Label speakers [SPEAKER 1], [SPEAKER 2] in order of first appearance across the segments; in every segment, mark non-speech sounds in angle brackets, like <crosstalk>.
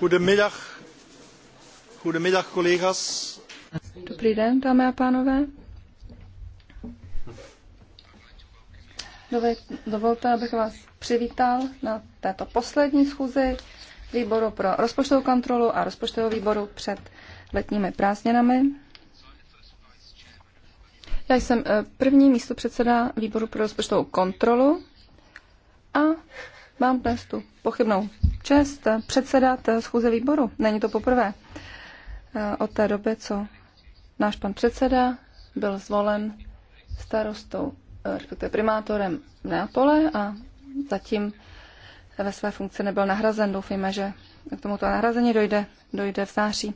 [SPEAKER 1] Goedemiddag. Goedemiddag, collega's.
[SPEAKER 2] Dobrý den, dámy a pánové. Dovolte, abych vás přivítal na této poslední schůzi výboru pro rozpočtovou kontrolu a rozpočtového výboru před letními prázdninami. Já jsem eh, první místo předseda výboru pro rozpočtovou kontrolu a Mám dnes tu pochybnou čest eh, předsedat eh, schůze výboru. Není to poprvé. Eh, od té doby, co náš pan předseda byl zvolen starostou, respektive primátorem Neapole a zatím ve své funkci nebyl nahrazen. Doufejme, že k tomuto nahrazení dojde, dojde v září.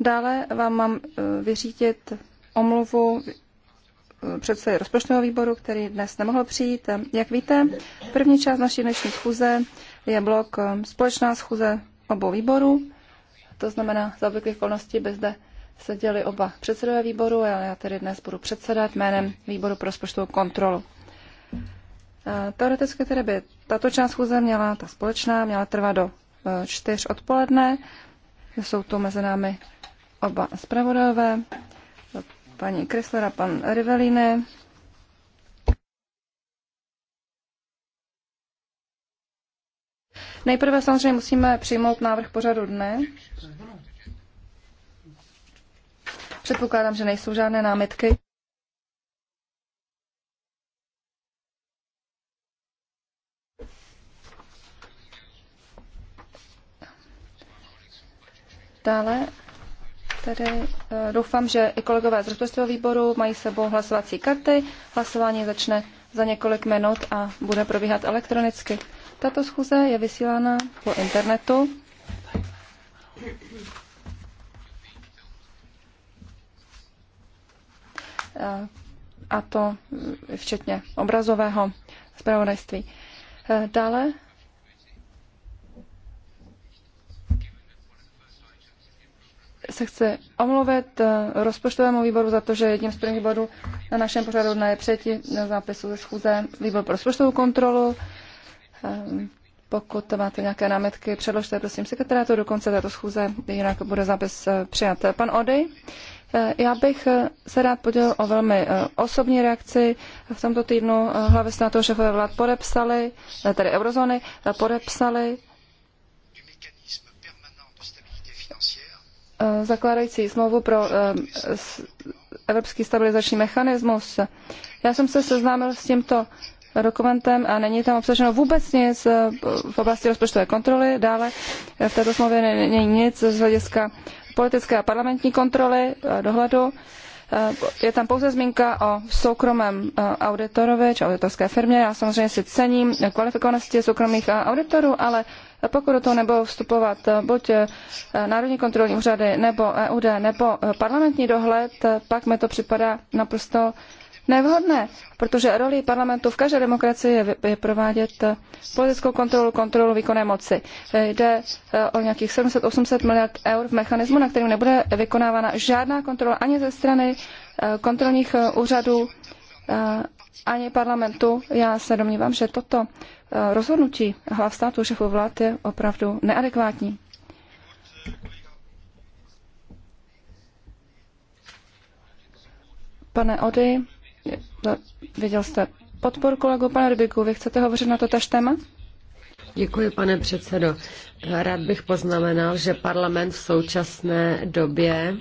[SPEAKER 2] Dále vám mám vyřídit omluvu předsedy rozpočtového výboru, který dnes nemohl přijít. Jak víte, první část naší dnešní schůze je blok eh, společná schůze obou výborů. To znamená, za obvyklých okolností by zde seděli oba předsedové výboru, ale já tedy dnes budu předsedat jménem výboru pro rozpočtovou kontrolu. Eh, teoreticky tedy by tato část schůze měla, ta společná, měla trvat do eh, čtyř odpoledne. Jsou tu mezi námi oba zpravodajové paní Kressler a pan Riveline. Nejprve samozřejmě musíme přijmout návrh pořadu dne. Předpokládám, že nejsou žádné námitky. Dále Tedy eh, doufám, že i kolegové z rozpočtového výboru mají sebou hlasovací karty. Hlasování začne za několik minut a bude probíhat elektronicky. Tato schůze je vysílána po internetu. Eh, a to mm, včetně obrazového zpravodajství. Eh, dále se chci omluvit eh, rozpočtovému výboru za to, že jedním z prvních bodů na našem pořadu dne je přijetí eh, zápisu ze schůze výbor pro rozpočtovou kontrolu. Ehm, pokud máte nějaké námitky, předložte prosím sekretariátu do konce této schůze, jinak bude zápis eh, přijat. Pan Odej, já bych se rád podělil o velmi osobní reakci. V tomto týdnu hlavy státu šefové vlád podepsali, tedy eurozóny, podepsali Eh, zakládající smlouvu pro eh, Evropský stabilizační mechanismus. Já jsem se seznámil s tímto dokumentem a není tam obsaženo vůbec nic eh, v oblasti rozpočtové kontroly. Dále v této smlouvě není nic z hlediska politické a parlamentní kontroly a dohledu. Je tam pouze zmínka o soukromém auditorovi či auditorské firmě. Já samozřejmě si cením kvalifikovanosti soukromých auditorů, ale pokud do toho nebudou vstupovat buď eh, Národní kontrolní úřady nebo EUD nebo eh, parlamentní dohled, pak mi to připadá naprosto nevhodné, protože roli parlamentu v každé demokracii je, provádět eh, politickou kontrolu, kontrolu výkonné moci. Jde o nějakých 700-800 miliard eur v mechanismu, na kterým nebude vykonávána žádná kontrola ani ze strany kontrolních úřadů, ani parlamentu. Já se domnívám, že toto eh, rozhodnutí hlav státu šefu vlád je opravdu neadekvátní. Pane Ody, viděl jste podporu kolegu pana Rybiku. Vy chcete hovořit na to tež téma?
[SPEAKER 3] Děkuji, pane předsedo. Rád bych poznamenal, že parlament v současné době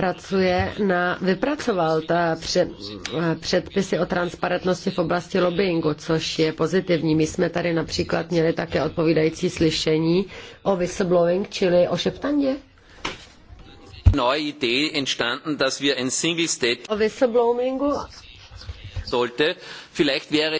[SPEAKER 3] pracuje na, vypracoval ta před, eh, předpisy o transparentnosti v oblasti lobbyingu, což je pozitivní. My jsme tady například měli také odpovídající slyšení o whistleblowing, čili o šeptandě.
[SPEAKER 1] Neue Idee entstanden, dass wir ein Single State sollte,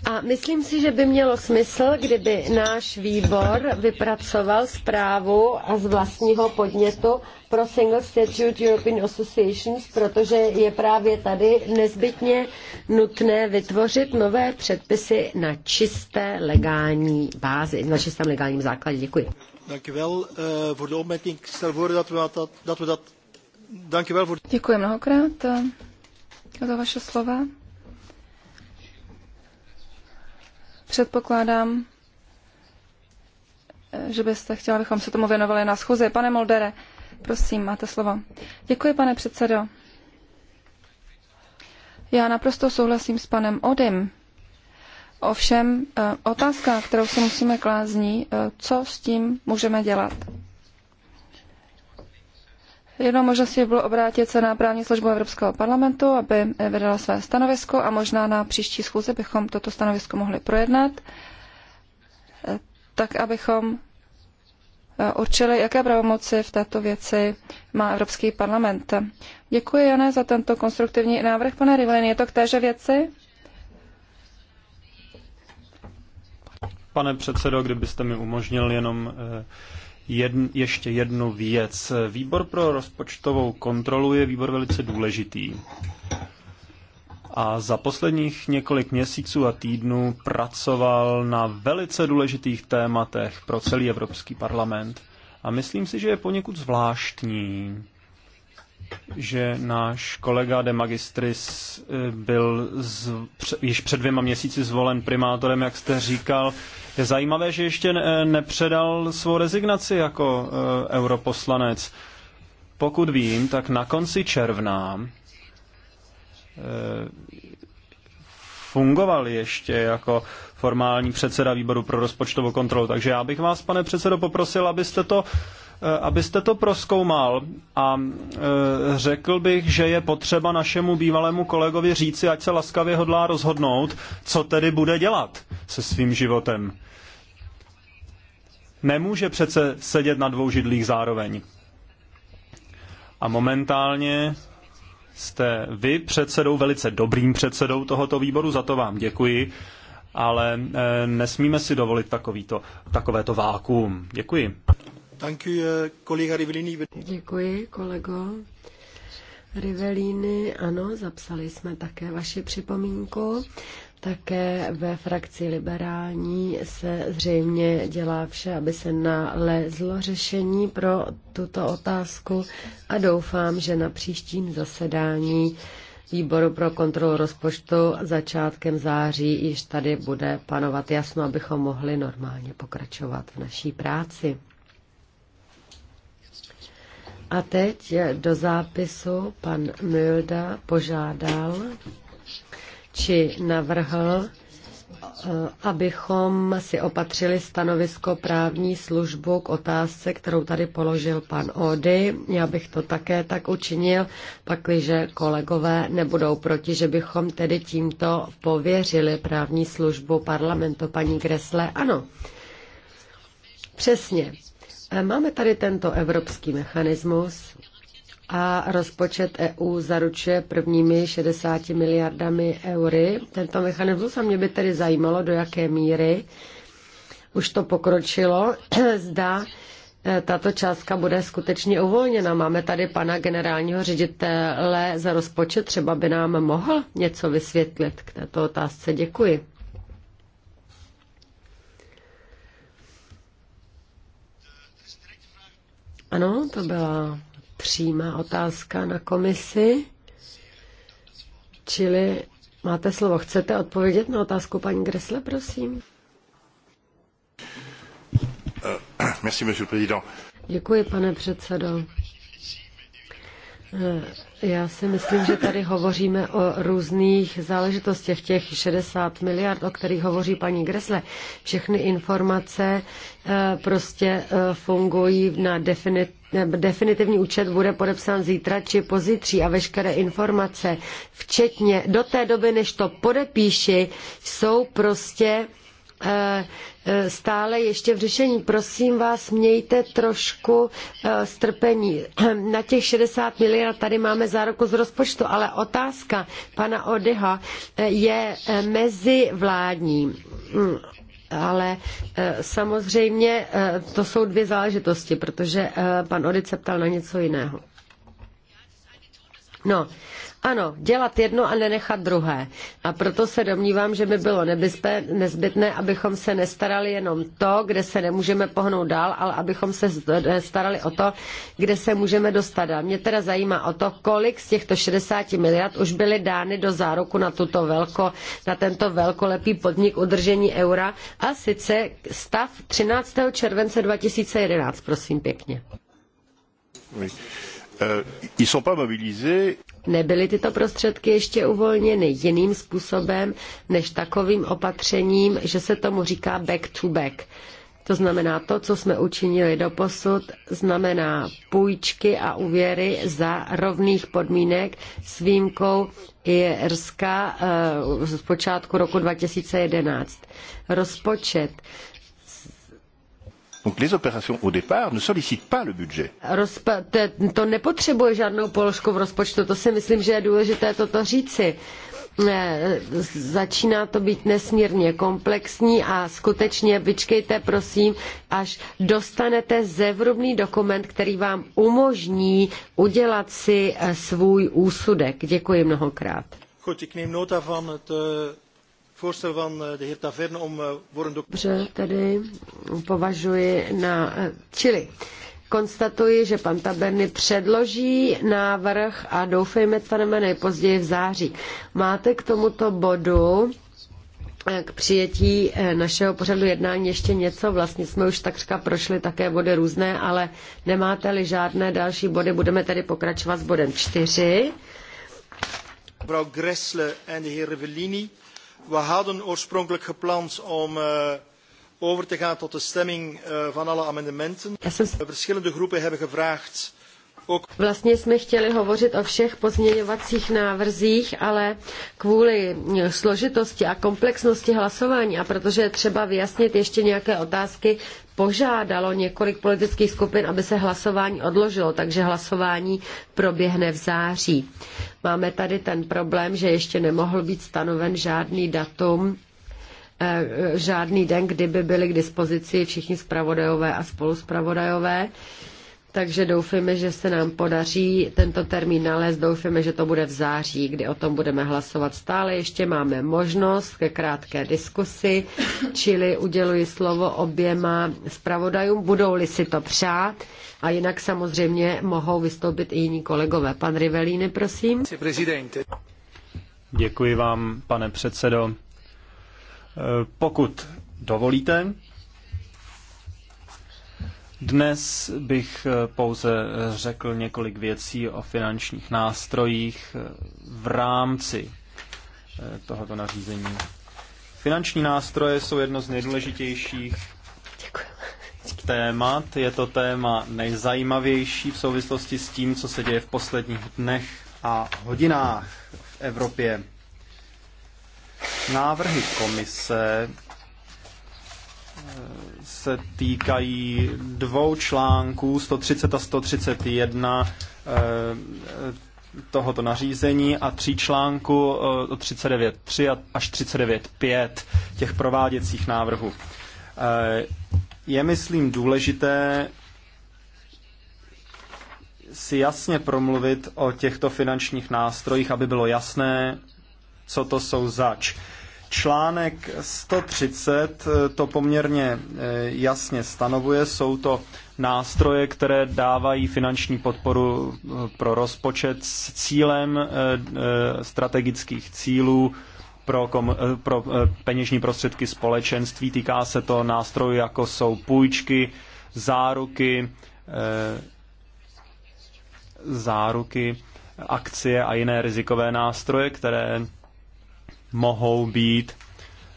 [SPEAKER 3] a myslím si, že by mělo smysl, kdyby náš výbor vypracoval zprávu z vlastního podnětu pro Single Statute European Associations, protože je právě tady nezbytně nutné vytvořit nové předpisy na čisté legální bázi, na čistém legálním základě. Děkuji.
[SPEAKER 1] Eh,
[SPEAKER 2] Děkuji mnohokrát eh, za vaše slova. Předpokládám, že byste chtěla, abychom se tomu věnovali na schůzi. Pane Moldere, prosím, máte slovo. Děkuji, pane předsedo. Já naprosto souhlasím s panem Odym. Ovšem, eh, otázka, kterou si musíme klázní, eh, co s tím můžeme dělat. Jednou možností bylo obrátit se na právní službu Evropského parlamentu, aby vydala své stanovisko a možná na příští schůze bychom toto stanovisko mohli projednat, tak abychom eh, určili, jaké pravomoci v této věci má Evropský parlament. Děkuji, Jane, za tento konstruktivní návrh. Pane Rivlin, je to k téže věci?
[SPEAKER 4] Pane předsedo, kdybyste mi umožnil jenom eh, jedn, ještě jednu věc. Výbor pro rozpočtovou kontrolu je výbor velice důležitý. A za posledních několik měsíců a týdnů pracoval na velice důležitých tématech pro celý Evropský parlament. A myslím si, že je poněkud zvláštní, že náš kolega de magistris eh, byl z, již před dvěma měsíci zvolen primátorem, jak jste říkal, je zajímavé, že ještě nepředal svou rezignaci jako eh, europoslanec. Pokud vím, tak na konci června eh, fungoval ještě jako formální předseda výboru pro rozpočtovou kontrolu. Takže já bych vás, pane předsedo, poprosil, abyste to Eh, abyste to proskoumal a eh, řekl bych, že je potřeba našemu bývalému kolegovi říci, ať se laskavě hodlá rozhodnout, co tedy bude dělat se svým životem. Nemůže přece sedět na dvou židlích zároveň. A momentálně jste vy předsedou, velice dobrým předsedou tohoto výboru, za to vám děkuji, ale eh, nesmíme si dovolit takovýto, takovéto vákuum. Děkuji. Eh,
[SPEAKER 3] Děkuji, kolego. Rivelini. ano, zapsali jsme také vaši připomínku. Také ve frakci liberální se zřejmě dělá vše, aby se nalezlo řešení pro tuto otázku a doufám, že na příštím zasedání výboru pro kontrolu rozpočtu začátkem září již tady bude panovat jasno, abychom mohli normálně pokračovat v naší práci. A teď do zápisu pan Milda požádal, či navrhl, eh, abychom si opatřili stanovisko právní službu k otázce, kterou tady položil pan Ody. Já bych to také tak učinil, pakliže kolegové nebudou proti, že bychom tedy tímto pověřili právní službu parlamentu paní Gresle. Ano, přesně. Máme tady tento evropský mechanismus a rozpočet EU zaručuje prvními 60 miliardami eury. Tento mechanismus a mě by tedy zajímalo, do jaké míry už to pokročilo. <clears throat> Zda eh, tato částka bude skutečně uvolněna. Máme tady pana generálního ředitele za rozpočet, třeba by nám mohl něco vysvětlit k této otázce. Děkuji. Ano, to byla přímá otázka na komisi. Čili máte slovo. Chcete odpovědět na otázku paní Gresle, prosím?
[SPEAKER 1] Eh, eh, merci, monsieur le
[SPEAKER 3] Děkuji, pane předsedo. Eh, já si myslím, že tady hovoříme o různých záležitostech, těch 60 miliard, o kterých hovoří paní Gresle. Všechny informace eh, prostě eh, fungují na definit, definitivní účet bude podepsán zítra či pozítří a veškeré informace, včetně do té doby, než to podepíši, jsou prostě Eh, eh, stále ještě v řešení. Prosím vás, mějte trošku eh, strpení. <clears throat> Na těch 60 miliard tady máme záruku z rozpočtu, ale otázka pana Odeha je mezivládní. Mm, ale samozřejmě to jsou dvě záležitosti, protože pan Odic se ptal na něco jiného. No, ano, dělat jedno a nenechat druhé. A proto se domnívám, že by bylo nezbytné, abychom se nestarali jenom to, kde se nemůžeme pohnout dál, ale abychom se starali o to, kde se můžeme dostat dál. Mě teda zajímá o to, kolik z těchto 60 miliard už byly dány do záruku na, tuto velko, na tento velkolepý podnik udržení eura a sice stav 13. července 2011, prosím pěkně. Oui.
[SPEAKER 1] Euh, ils sont pas mobilisés
[SPEAKER 3] nebyly tyto prostředky ještě uvolněny jiným způsobem než takovým opatřením, že se tomu říká back to back. To znamená, to, co jsme učinili do posud, znamená půjčky a úvěry za rovných podmínek s výjimkou Irska eh, z počátku roku 2011. Rozpočet
[SPEAKER 1] Donc les opérations au départ ne sollicitent pas le budget.
[SPEAKER 3] Rozpa- te, to nepotřebuje žádnou položku v rozpočtu, to si myslím, že je důležité toto říci. Eh, začíná to být nesmírně komplexní a skutečně vyčkejte prosím, až dostanete zevrubný dokument, který vám umožní udělat si eh, svůj úsudek. Děkuji mnohokrát.
[SPEAKER 1] Goed, ik neem nota van het uh, Eh, eh, Dobře,
[SPEAKER 3] tedy považuji na... Eh, čili konstatuji, že pan Taberny předloží návrh a doufejme, staneme nejpozději v září. Máte k tomuto bodu k přijetí našeho pořadu jednání ještě něco. Vlastně jsme už takřka prošli také body různé, ale nemáte-li žádné další body, budeme tedy pokračovat s bodem 4.
[SPEAKER 1] Frau Gressle and Herr Vellini We hadden oorspronkelijk gepland om uh, over te gaan tot de stemming uh, van alle amendementen. Eh, verschillende groepen hebben gevraagd
[SPEAKER 3] Vlastně jsme chtěli hovořit o všech pozměňovacích návrzích, ale kvůli složitosti a komplexnosti hlasování a protože je třeba vyjasnit ještě nějaké otázky, požádalo několik politických skupin, aby se hlasování odložilo, takže hlasování proběhne v září. Máme tady ten problém, že ještě nemohl být stanoven žádný datum eh, žádný den, kdyby byly k dispozici všichni zpravodajové a spoluspravodajové takže doufáme, že se nám podaří tento termín nalézt. Doufáme, že to bude v září, kdy o tom budeme hlasovat stále. Ještě máme možnost ke krátké diskusi, čili uděluji slovo oběma zpravodajům, budou-li si to přát. A jinak samozřejmě mohou vystoupit i jiní kolegové. Pan Rivelíny, prosím.
[SPEAKER 4] Děkuji vám, pane předsedo. E, pokud dovolíte, dnes bych eh, pouze eh, řekl několik věcí o finančních nástrojích eh, v rámci tohoto nařízení. Finanční nástroje jsou jedno z nejdůležitějších témat. Je to téma nejzajímavější v souvislosti s tím, co se děje v posledních dnech a hodinách v Evropě. Návrhy komise se týkají dvou článků 130 a 131 eh, tohoto nařízení a tří článku 39.3 eh, až 39.5 těch prováděcích návrhů. Eh, je, myslím, důležité si jasně promluvit o těchto finančních nástrojích, aby bylo jasné, co to jsou zač. Článek 130 eh, to poměrně eh, jasně stanovuje. Jsou to nástroje, které dávají finanční podporu eh, pro rozpočet s cílem strategických cílů pro, kom, pro peněžní prostředky společenství. Týká se to nástrojů, jako jsou půjčky, záruky, záruky, akcie a jiné rizikové nástroje, které mohou být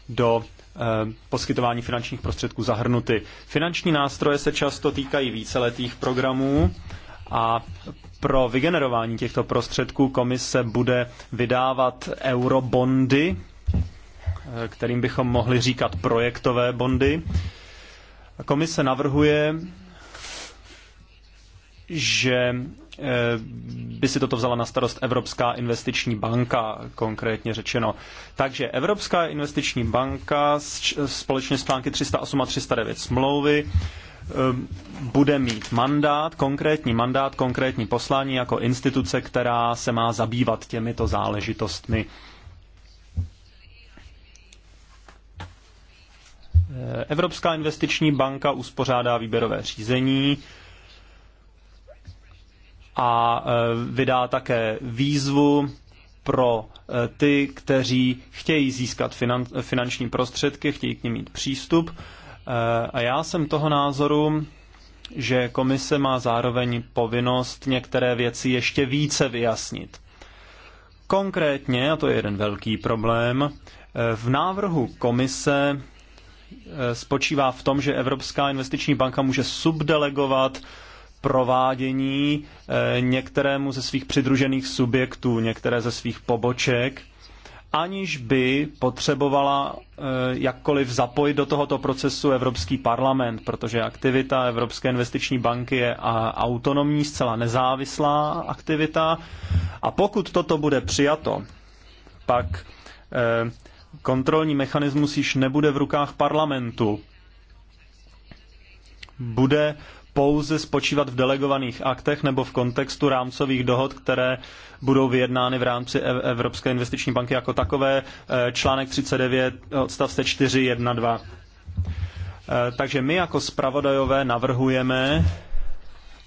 [SPEAKER 4] do eh, poskytování finančních prostředků zahrnuty. Finanční nástroje se často týkají víceletých programů a pro vygenerování těchto prostředků komise bude vydávat eurobondy, eh, kterým bychom mohli říkat projektové bondy. Komise navrhuje, že Eh, by si toto vzala na starost Evropská investiční banka, konkrétně řečeno. Takže Evropská investiční banka společně s články 308 a 309 smlouvy eh, bude mít mandát, konkrétní mandát, konkrétní poslání jako instituce, která se má zabývat těmito záležitostmi. Eh, Evropská investiční banka uspořádá výběrové řízení, a e, vydá také výzvu pro e, ty, kteří chtějí získat finanční prostředky, chtějí k ním mít přístup. E, a já jsem toho názoru, že komise má zároveň povinnost některé věci ještě více vyjasnit. Konkrétně, a to je jeden velký problém, v návrhu komise spočívá v tom, že Evropská investiční banka může subdelegovat provádění eh, některému ze svých přidružených subjektů, některé ze svých poboček, aniž by potřebovala eh, jakkoliv zapojit do tohoto procesu Evropský parlament, protože aktivita Evropské investiční banky je autonomní, zcela nezávislá aktivita. A pokud toto bude přijato, pak eh, kontrolní mechanismus již nebude v rukách parlamentu. Bude pouze spočívat v delegovaných aktech nebo v kontextu rámcových dohod, které budou vyjednány v rámci Evropské investiční banky jako takové. E, článek 39 odstavce 4 1 2. Takže my jako zpravodajové navrhujeme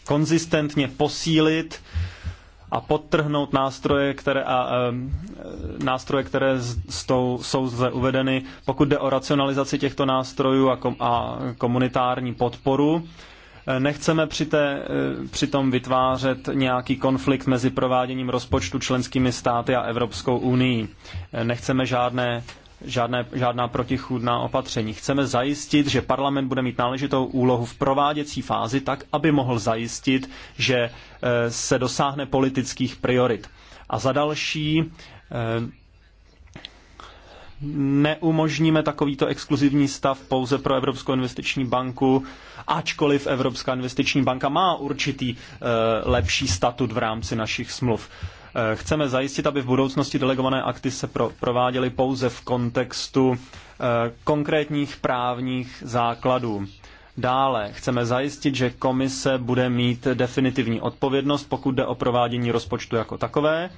[SPEAKER 4] konzistentně posílit a podtrhnout nástroje, které, a, a, e, nástroje, které z, z tou, jsou zde uvedeny, pokud jde o racionalizaci těchto nástrojů a, kom, a komunitární podporu. Nechceme při té, eh, přitom vytvářet nějaký konflikt mezi prováděním rozpočtu členskými státy a Evropskou unii. Nechceme žádné žádné, žádná protichůdná opatření. Chceme zajistit, že parlament bude mít náležitou úlohu v prováděcí fázi tak, aby mohl zajistit, že eh, se dosáhne politických priorit. A za další eh, neumožníme takovýto exkluzivní stav pouze pro Evropskou investiční banku, ačkoliv Evropská investiční banka má určitý eh, lepší statut v rámci našich smluv. Eh, chceme zajistit, aby v budoucnosti delegované akty se pro, prováděly pouze v kontextu eh, konkrétních právních základů. Dále chceme zajistit, že komise bude mít definitivní odpovědnost, pokud jde o provádění rozpočtu jako takové.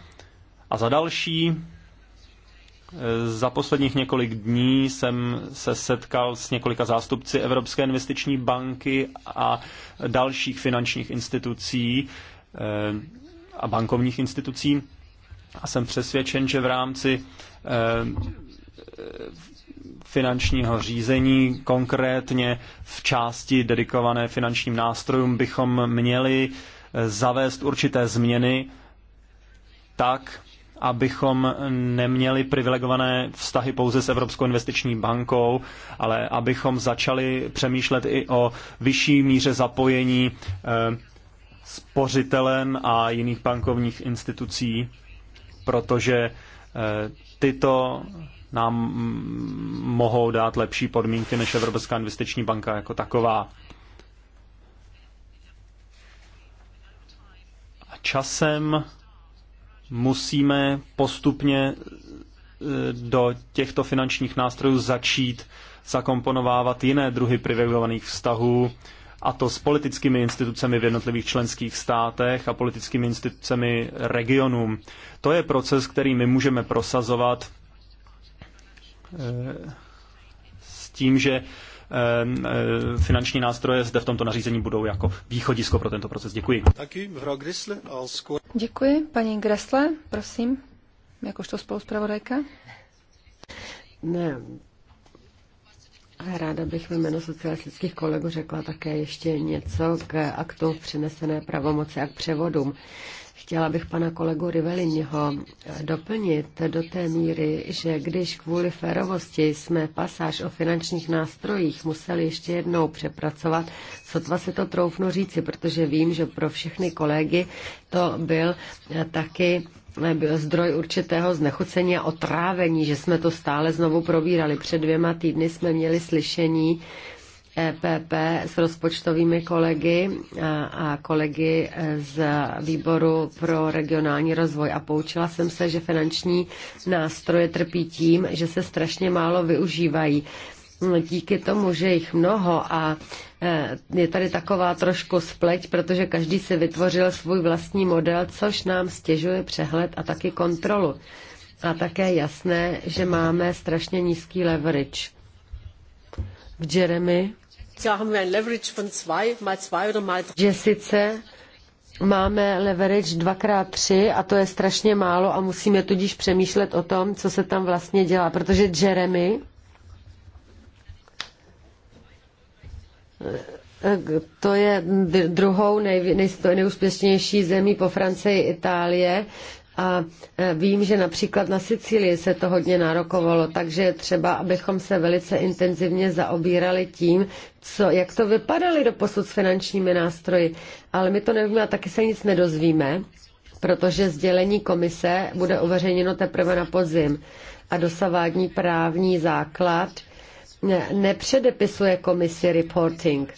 [SPEAKER 4] A za další za posledních několik dní jsem se setkal s několika zástupci Evropské investiční banky a dalších finančních institucí eh, a bankovních institucí a jsem přesvědčen, že v rámci eh, finančního řízení, konkrétně v části dedikované finančním nástrojům, bychom měli eh, zavést určité změny tak, abychom neměli privilegované vztahy pouze s Evropskou investiční bankou, ale abychom začali přemýšlet i o vyšší míře zapojení eh, spořitelen a jiných bankovních institucí, protože eh, tyto nám mm, mohou dát lepší podmínky než Evropská investiční banka jako taková. A časem musíme postupně e, do těchto finančních nástrojů začít zakomponovávat jiné druhy privilegovaných vztahů, a to s politickými institucemi v jednotlivých členských státech a politickými institucemi regionům. To je proces, který my můžeme prosazovat e, s tím, že Ehm, eh, finanční nástroje zde v tomto nařízení budou jako východisko pro tento proces. Děkuji.
[SPEAKER 2] Děkuji. Paní Gressle, prosím, jakožto spoluzpravodajka.
[SPEAKER 3] Ne, Ráda bych ve jménu socialistických kolegů řekla také ještě něco k aktu přenesené pravomoci a k převodům. Chtěla bych pana kolegu Riveliniho eh, doplnit do té míry, že když kvůli férovosti jsme pasáž o finančních nástrojích museli ještě jednou přepracovat, sotva se to troufnu říci, protože vím, že pro všechny kolegy to byl eh, taky eh, byl zdroj určitého znechucení a otrávení, že jsme to stále znovu probírali. Před dvěma týdny jsme měli slyšení EPP s rozpočtovými kolegy a kolegy z výboru pro regionální rozvoj a poučila jsem se, že finanční nástroje trpí tím, že se strašně málo využívají. Díky tomu, že jich mnoho a e, je tady taková trošku spleť, protože každý si vytvořil svůj vlastní model, což nám stěžuje přehled a taky kontrolu. A také jasné, že máme strašně nízký leverage Jeremy, že sice máme leverage 2x3 a to je strašně málo a musíme tudíž přemýšlet o tom, co se tam vlastně dělá, protože Jeremy to je druhou nej, nej, nejúspěšnější zemí po Francii Itálie, a e, vím, že například na Sicílii se to hodně nárokovalo, takže je třeba, abychom se velice intenzivně zaobírali tím, co, jak to vypadaly do posud s finančními nástroji. Ale my to nevíme a taky se nic nedozvíme, protože sdělení komise bude uveřejněno teprve na podzim. A dosavádní právní základ nepředepisuje komisi reporting.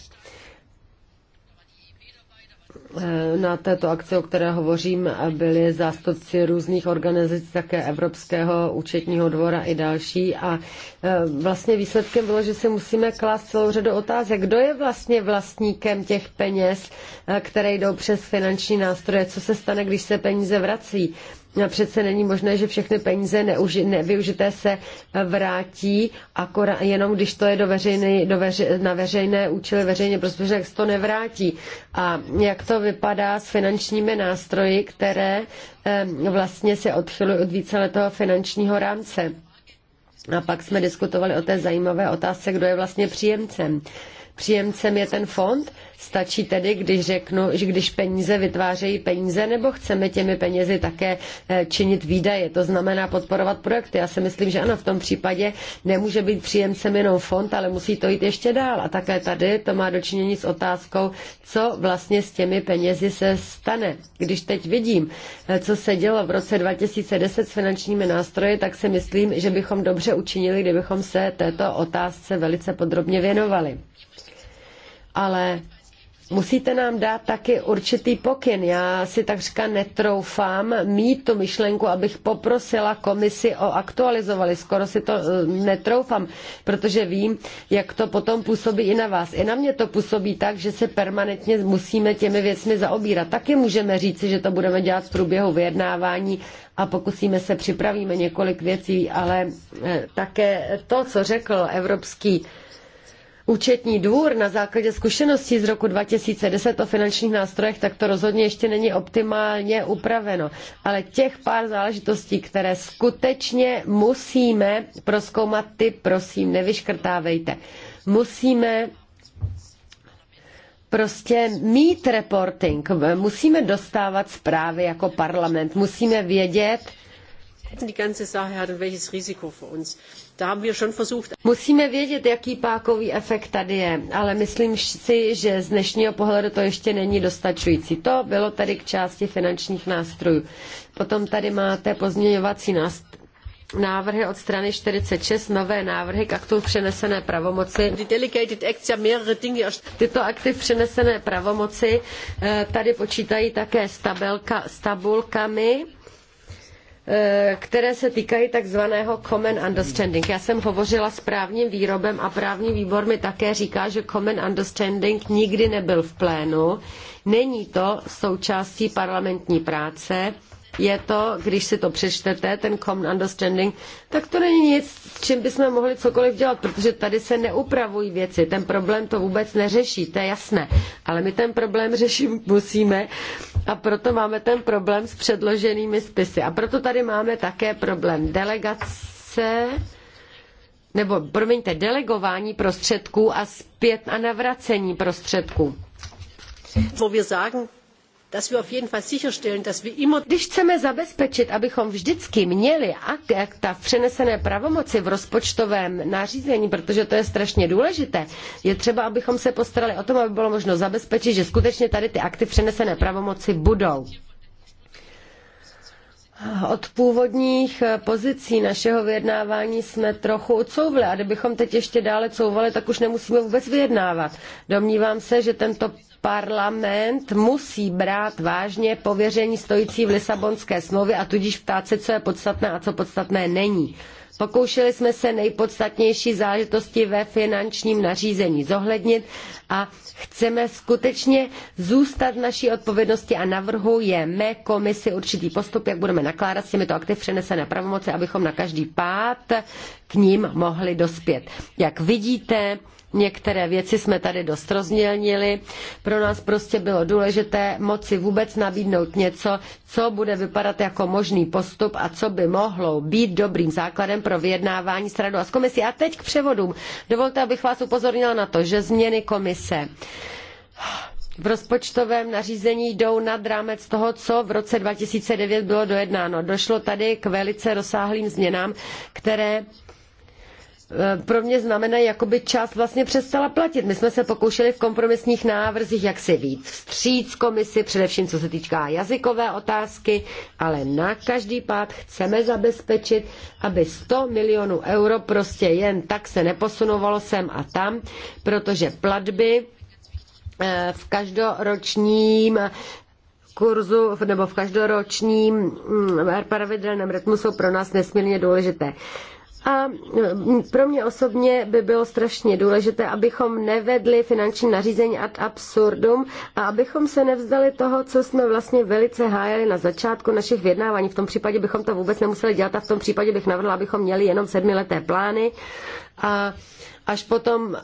[SPEAKER 3] Eh, na této akci, o které hovořím, byli zástupci různých organizací, také Evropského účetního dvora i další. A eh, vlastně výsledkem bylo, že si musíme klást celou řadu otázek. Kdo je vlastně vlastníkem těch peněz, eh, které jdou přes finanční nástroje? Co se stane, když se peníze vrací? No, přece není možné, že všechny peníze neuži, nevyužité se vrátí, akorát, jenom když to je do veřejné, do veře, na veřejné účely veřejně prospěšné, jak se to nevrátí. A jak to vypadá s finančními nástroji, které vlastně se odchylují od víceletého finančního rámce? A pak jsme diskutovali o té zajímavé otázce, kdo je vlastně příjemcem. Uh, Příjemcem je ten fond? Stačí tedy, když řeknu, že když peníze vytvářejí peníze, nebo chceme těmi penězi také eh, činit výdaje, to znamená podporovat projekty. Já si myslím, že ano, v tom případě nemůže být příjemcem jenom fond, ale musí to jít ještě dál. A také tady to má dočinění s otázkou, co vlastně s těmi penězi se stane. Když teď vidím, eh, co se dělo v roce 2010 s finančními nástroji, tak si myslím, že bychom dobře učinili, kdybychom se této otázce velice podrobně věnovali ale musíte nám dát taky určitý pokyn. Já si takřka netroufám mít tu myšlenku, abych poprosila komisi o aktualizovali. Skoro si to eh, netroufám, protože vím, jak to potom působí i na vás. I na mě to působí tak, že se permanentně musíme těmi věcmi zaobírat. Taky můžeme říci, že to budeme dělat v průběhu vyjednávání a pokusíme se, připravíme několik věcí, ale eh, také to, co řekl Evropský účetní dvůr na základě zkušeností z roku 2010 o finančních nástrojech, tak to rozhodně ještě není optimálně upraveno. Ale těch pár záležitostí, které skutečně musíme proskoumat, ty prosím nevyškrtávejte. Musíme prostě mít reporting, musíme dostávat zprávy jako parlament, musíme vědět, die ganze Sache hat welches Risiko für uns. Musíme vědět, jaký pákový efekt tady je, ale myslím si, že z dnešního pohledu to ještě není dostačující. To bylo tady k části finančních nástrojů. Potom tady máte pozměňovací nástroj návrhy od strany 46, nové návrhy k aktu přenesené pravomoci. Tyto akty přenesené pravomoci eh, tady počítají také s, tabelka, s tabulkami Eh, které se týkají takzvaného common understanding. Já jsem hovořila s právním výrobem a právní výbor mi také říká, že common understanding nikdy nebyl v plénu. Není to součástí parlamentní práce je to, když si to přečtete, ten common understanding, tak to není nic, s čím bychom mohli cokoliv dělat, protože tady se neupravují věci. Ten problém to vůbec neřeší, to je jasné. Ale my ten problém <laughs> řešit musíme a proto máme ten problém s předloženými spisy. A proto tady máme také problém delegace nebo promiňte, delegování prostředků a zpět a navracení prostředků. Wo wir sagen, když chceme zabezpečit, abychom vždycky měli akta v přenesené pravomoci v rozpočtovém nařízení, protože to je strašně důležité, je třeba, abychom se postarali o tom, aby bylo možno zabezpečit, že skutečně tady ty akty v přenesené pravomoci budou. Od původních eh, pozicí našeho vyjednávání jsme trochu ucouvli a kdybychom teď ještě dále couvali, tak už nemusíme vůbec vyjednávat. Domnívám se, že tento Parlament musí brát vážně pověření stojící v Lisabonské smlouvě a tudíž ptát se, co je podstatné a co podstatné není. Pokoušeli jsme se nejpodstatnější záležitosti ve finančním nařízení zohlednit a chceme skutečně zůstat v naší odpovědnosti a navrhujeme komisi určitý postup, jak budeme nakládat s těmito aktiv přenesené pravomoci, abychom na každý pád k ním mohli dospět. Jak vidíte, Některé věci jsme tady dost rozmělnili. Pro nás prostě bylo důležité moci vůbec nabídnout něco, co bude vypadat jako možný postup a co by mohlo být dobrým základem pro vyjednávání s radou a s komisí. A teď k převodům. Dovolte, abych vás upozornila na to, že změny komise v rozpočtovém nařízení jdou nad rámec toho, co v roce 2009 bylo dojednáno. Došlo tady k velice rozsáhlým změnám, které Eh, pro mě znamenají, jako by část vlastně přestala platit. My jsme se pokoušeli v kompromisních návrzích, jak si víc vstříc komisi, především co se týká jazykové otázky, ale na každý pád chceme zabezpečit, aby 100 milionů euro prostě jen tak se neposunovalo sem a tam, protože platby eh, v každoročním kurzu nebo v každoročním mm, pravidelném rytmu jsou pro nás nesmírně důležité. A mm, pro mě osobně by bylo strašně důležité, abychom nevedli finanční nařízení ad absurdum a abychom se nevzdali toho, co jsme vlastně velice hájili na začátku našich vyjednávání. V tom případě bychom to vůbec nemuseli dělat a v tom případě bych navrhla, abychom měli jenom sedmileté plány a až potom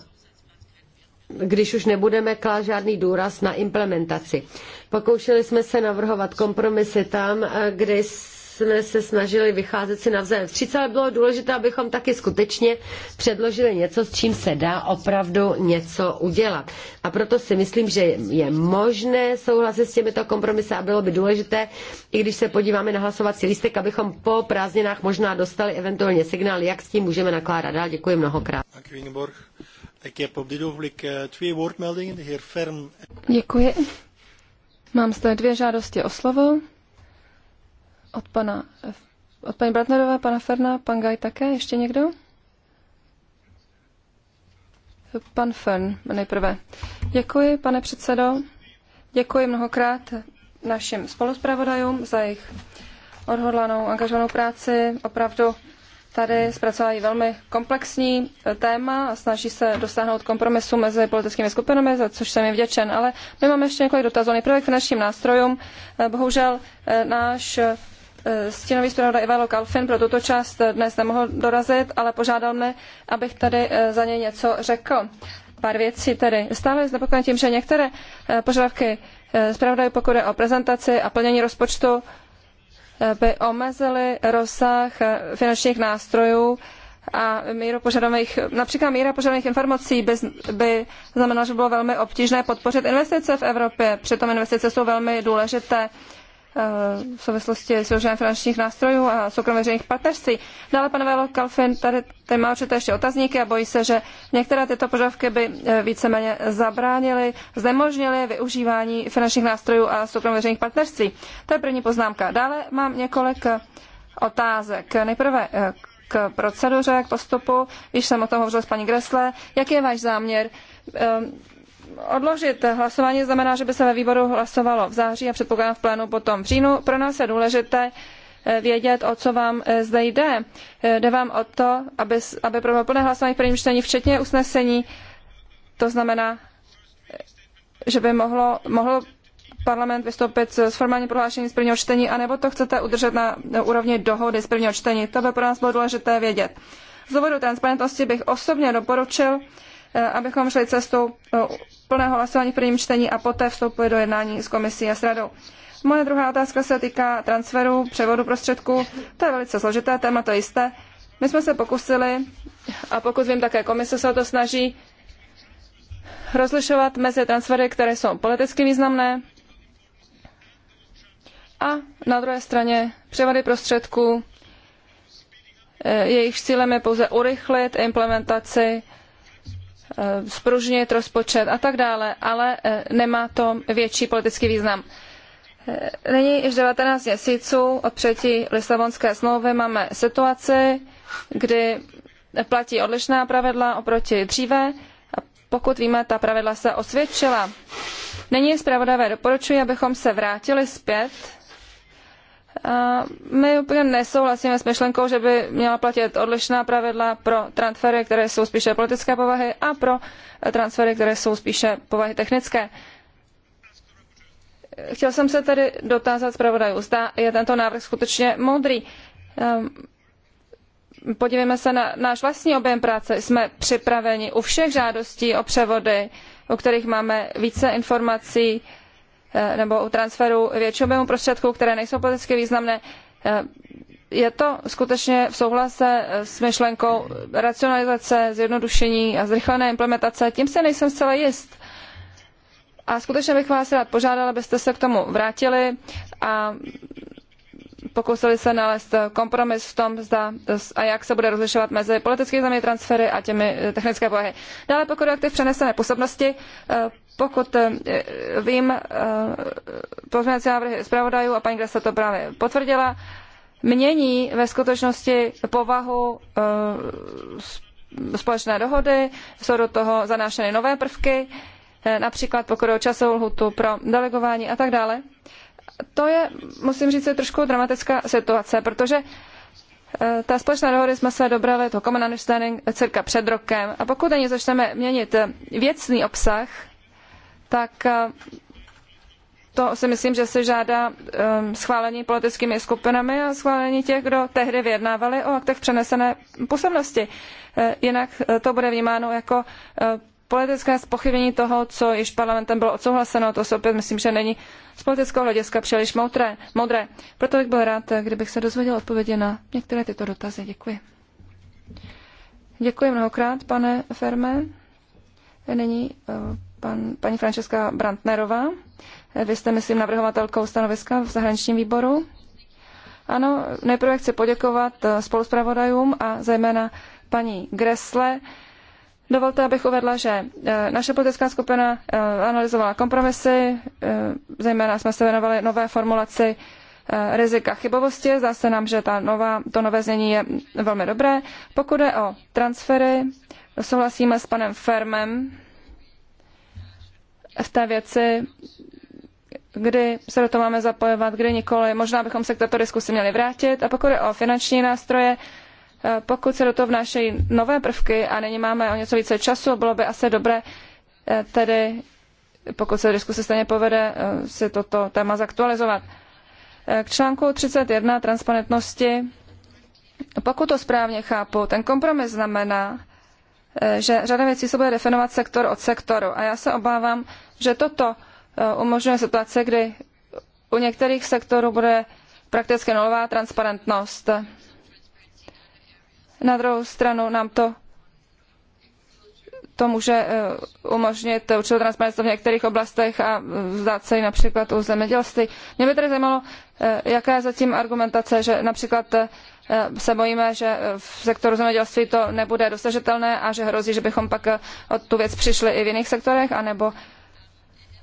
[SPEAKER 3] když už nebudeme klást žádný důraz na implementaci. Pokoušeli jsme se navrhovat kompromisy tam, eh, kde jsme se snažili vycházet si navzájem vstříc, ale bylo důležité, abychom taky skutečně předložili něco, s čím se dá opravdu něco udělat. A proto si myslím, že je možné souhlasit s těmito kompromisy a bylo by důležité, i když se podíváme na hlasovací lístek, abychom po prázdninách možná dostali eventuálně signál, jak s tím můžeme nakládat dál. Děkuji mnohokrát.
[SPEAKER 1] Eh,
[SPEAKER 2] Děkuji. Mám zde dvě žádosti o slovo. Od pana, od paní Bratnerové, pana Ferna, pan Gaj také, ještě někdo? Pan Fern nejprve. Děkuji, pane předsedo. Děkuji mnohokrát našim spoluzpravodajům za jejich odhodlanou, angažovanou práci. Opravdu tady zpracovají velmi komplexní téma a snaží se dosáhnout kompromisu mezi politickými skupinami, za což jsem jim vděčen. Ale my máme ještě několik dotazů. Nejprve k našim nástrojům. Bohužel eh, náš Eh, stínový zpravodaj Ivalo Kalfin pro tuto část eh, dnes nemohl dorazit, ale požádal mě, abych tady eh, za něj něco řekl. Pár věcí tedy. Stále znepokojen tím, že některé požadavky zpravodajů, pokud je o prezentaci a plnění rozpočtu, by omezily rozsah finančních nástrojů, a míru požadovaných, například míra požadovaných informací by, by znamenala, že bylo velmi obtížné podpořit investice v Evropě. Přitom investice jsou velmi důležité Eh, v souvislosti s využíváním finančních nástrojů a soukromě veřejných partnerství. Dále, pane Velo Kalfin, tady, tady má určité ještě otazníky a bojí se, že některé tyto požadavky by eh, víceméně zabránily, znemožnily využívání finančních nástrojů a soukromě veřejných partnerství. To je první poznámka. Dále mám několik eh, otázek. Nejprve k proceduře, k postupu. Již jsem o tom hovořil s paní Gresle. Jaký je váš záměr? odložit hlasování znamená, že by se ve výboru hlasovalo v září a předpokládám v plénu potom v říjnu. Pro nás je důležité eh, vědět, o co vám eh, zde jde. Eh, jde vám o to, aby, aby proběhlo plné hlasování v prvním čtení, včetně usnesení. To znamená, že by mohlo, mohl parlament vystoupit s formálním prohlášením z prvního čtení, anebo to chcete udržet na úrovni dohody z prvního čtení. To by pro nás bylo důležité vědět. Z důvodu transparentnosti bych osobně doporučil, Eh, abychom šli cestou eh, plného hlasování v prvním čtení a poté vstoupili do jednání s komisí a s radou. Moje druhá otázka se týká transferu, převodu prostředků. To je velice složité téma, to jisté. My jsme se pokusili, a pokud vím, také komise se o to snaží, rozlišovat mezi transfery, které jsou politicky významné a na druhé straně převody prostředků, eh, jejich cílem je pouze urychlit implementaci Eh, spružnit rozpočet a tak dále, ale eh, nemá to větší politický význam. Eh, Nyní již 19 měsíců od přijetí Lisabonské smlouvy máme situaci, kdy platí odlišná pravidla oproti dříve a pokud víme, ta pravidla se osvědčila. Nyní zpravodavé doporučuji, abychom se vrátili zpět my úplně nesouhlasíme s myšlenkou, že by měla platit odlišná pravidla pro transfery, které jsou spíše politické povahy a pro transfery, které jsou spíše povahy technické. Chtěl jsem se tedy dotázat zpravodajů, zda je tento návrh skutečně moudrý. Ehm, podívejme se na náš vlastní objem práce. Jsme připraveni u všech žádostí o převody, o kterých máme více informací, Eh, nebo u transferu větší objemu prostředků, které nejsou politicky významné. Eh, je to skutečně v souhlase eh, s myšlenkou racionalizace, zjednodušení a zrychlené implementace? Tím se nejsem zcela jist. A skutečně bych vás rád požádala, abyste se k tomu vrátili a pokusili se nalézt kompromis v tom, zda a jak se bude rozlišovat mezi politickými transfery a těmi technické povahy. Dále pokud o aktiv přenesené působnosti, pokud eh, vím, eh, pozměňovací návrhy zpravodajů a paní Gresa to právě potvrdila, mění ve skutečnosti povahu eh, společné dohody, jsou do toho zanášeny nové prvky, například pokud o časovou lhutu pro delegování a tak dále. To je, musím říct, trošku dramatická situace, protože ta společná dohody jsme se dobrali, to common understanding, cirka před rokem. A pokud ani začneme měnit věcný obsah, tak eh, to si myslím, že se žádá eh, schválení politickými skupinami a schválení těch, kdo tehdy vyjednávali o aktech přenesené působnosti. Eh, jinak to bude vnímáno jako politické spochybnění toho, co již parlamentem bylo odsouhlaseno. To si opět myslím, že není z politického hlediska příliš moudré. moudré. Proto bych byl rád, kdybych se dozvěděl odpovědi na některé tyto dotazy. Děkuji. Děkuji mnohokrát, pane Ferme. Nyní pan, paní Francesca Brantnerová. Vy jste, myslím, navrhovatelkou stanoviska v zahraničním výboru. Ano, nejprve chci poděkovat eh, spoluspravodajům a zejména paní Gresle. Dovolte, abych uvedla, že eh, naše politická skupina eh, analyzovala kompromisy, zejména jsme se věnovali nové formulaci rizika chybovosti. Zdá se nám, že ta nová, to nové znění je velmi dobré. Pokud je o transfery, souhlasíme s panem Fermem, té věci, kdy se do toho máme zapojovat, kdy nikoli. Možná bychom se k této diskusi měli vrátit. A pokud je o finanční nástroje, eh, pokud se do toho vnášejí nové prvky a nyní máme o něco více času, bylo by asi dobré eh, tedy, pokud se diskuse stejně povede, eh, si toto téma zaktualizovat. K článku 31 transparentnosti, pokud to správně chápu, ten kompromis znamená, Eh, že řada věcí se bude definovat sektor od sektoru. A já se obávám, že toto eh, umožňuje situace, kdy u některých sektorů bude prakticky nulová transparentnost. Na druhou stranu nám to to může eh, umožnit určitou transparentnost v některých oblastech a vzdát se i například u zemědělství. Mě by tedy zajímalo, jaká je zatím argumentace, že například Eh, se bojíme, že eh, v sektoru zemědělství to nebude dosažitelné a že hrozí, že bychom pak eh, o tu věc přišli i v jiných sektorech, anebo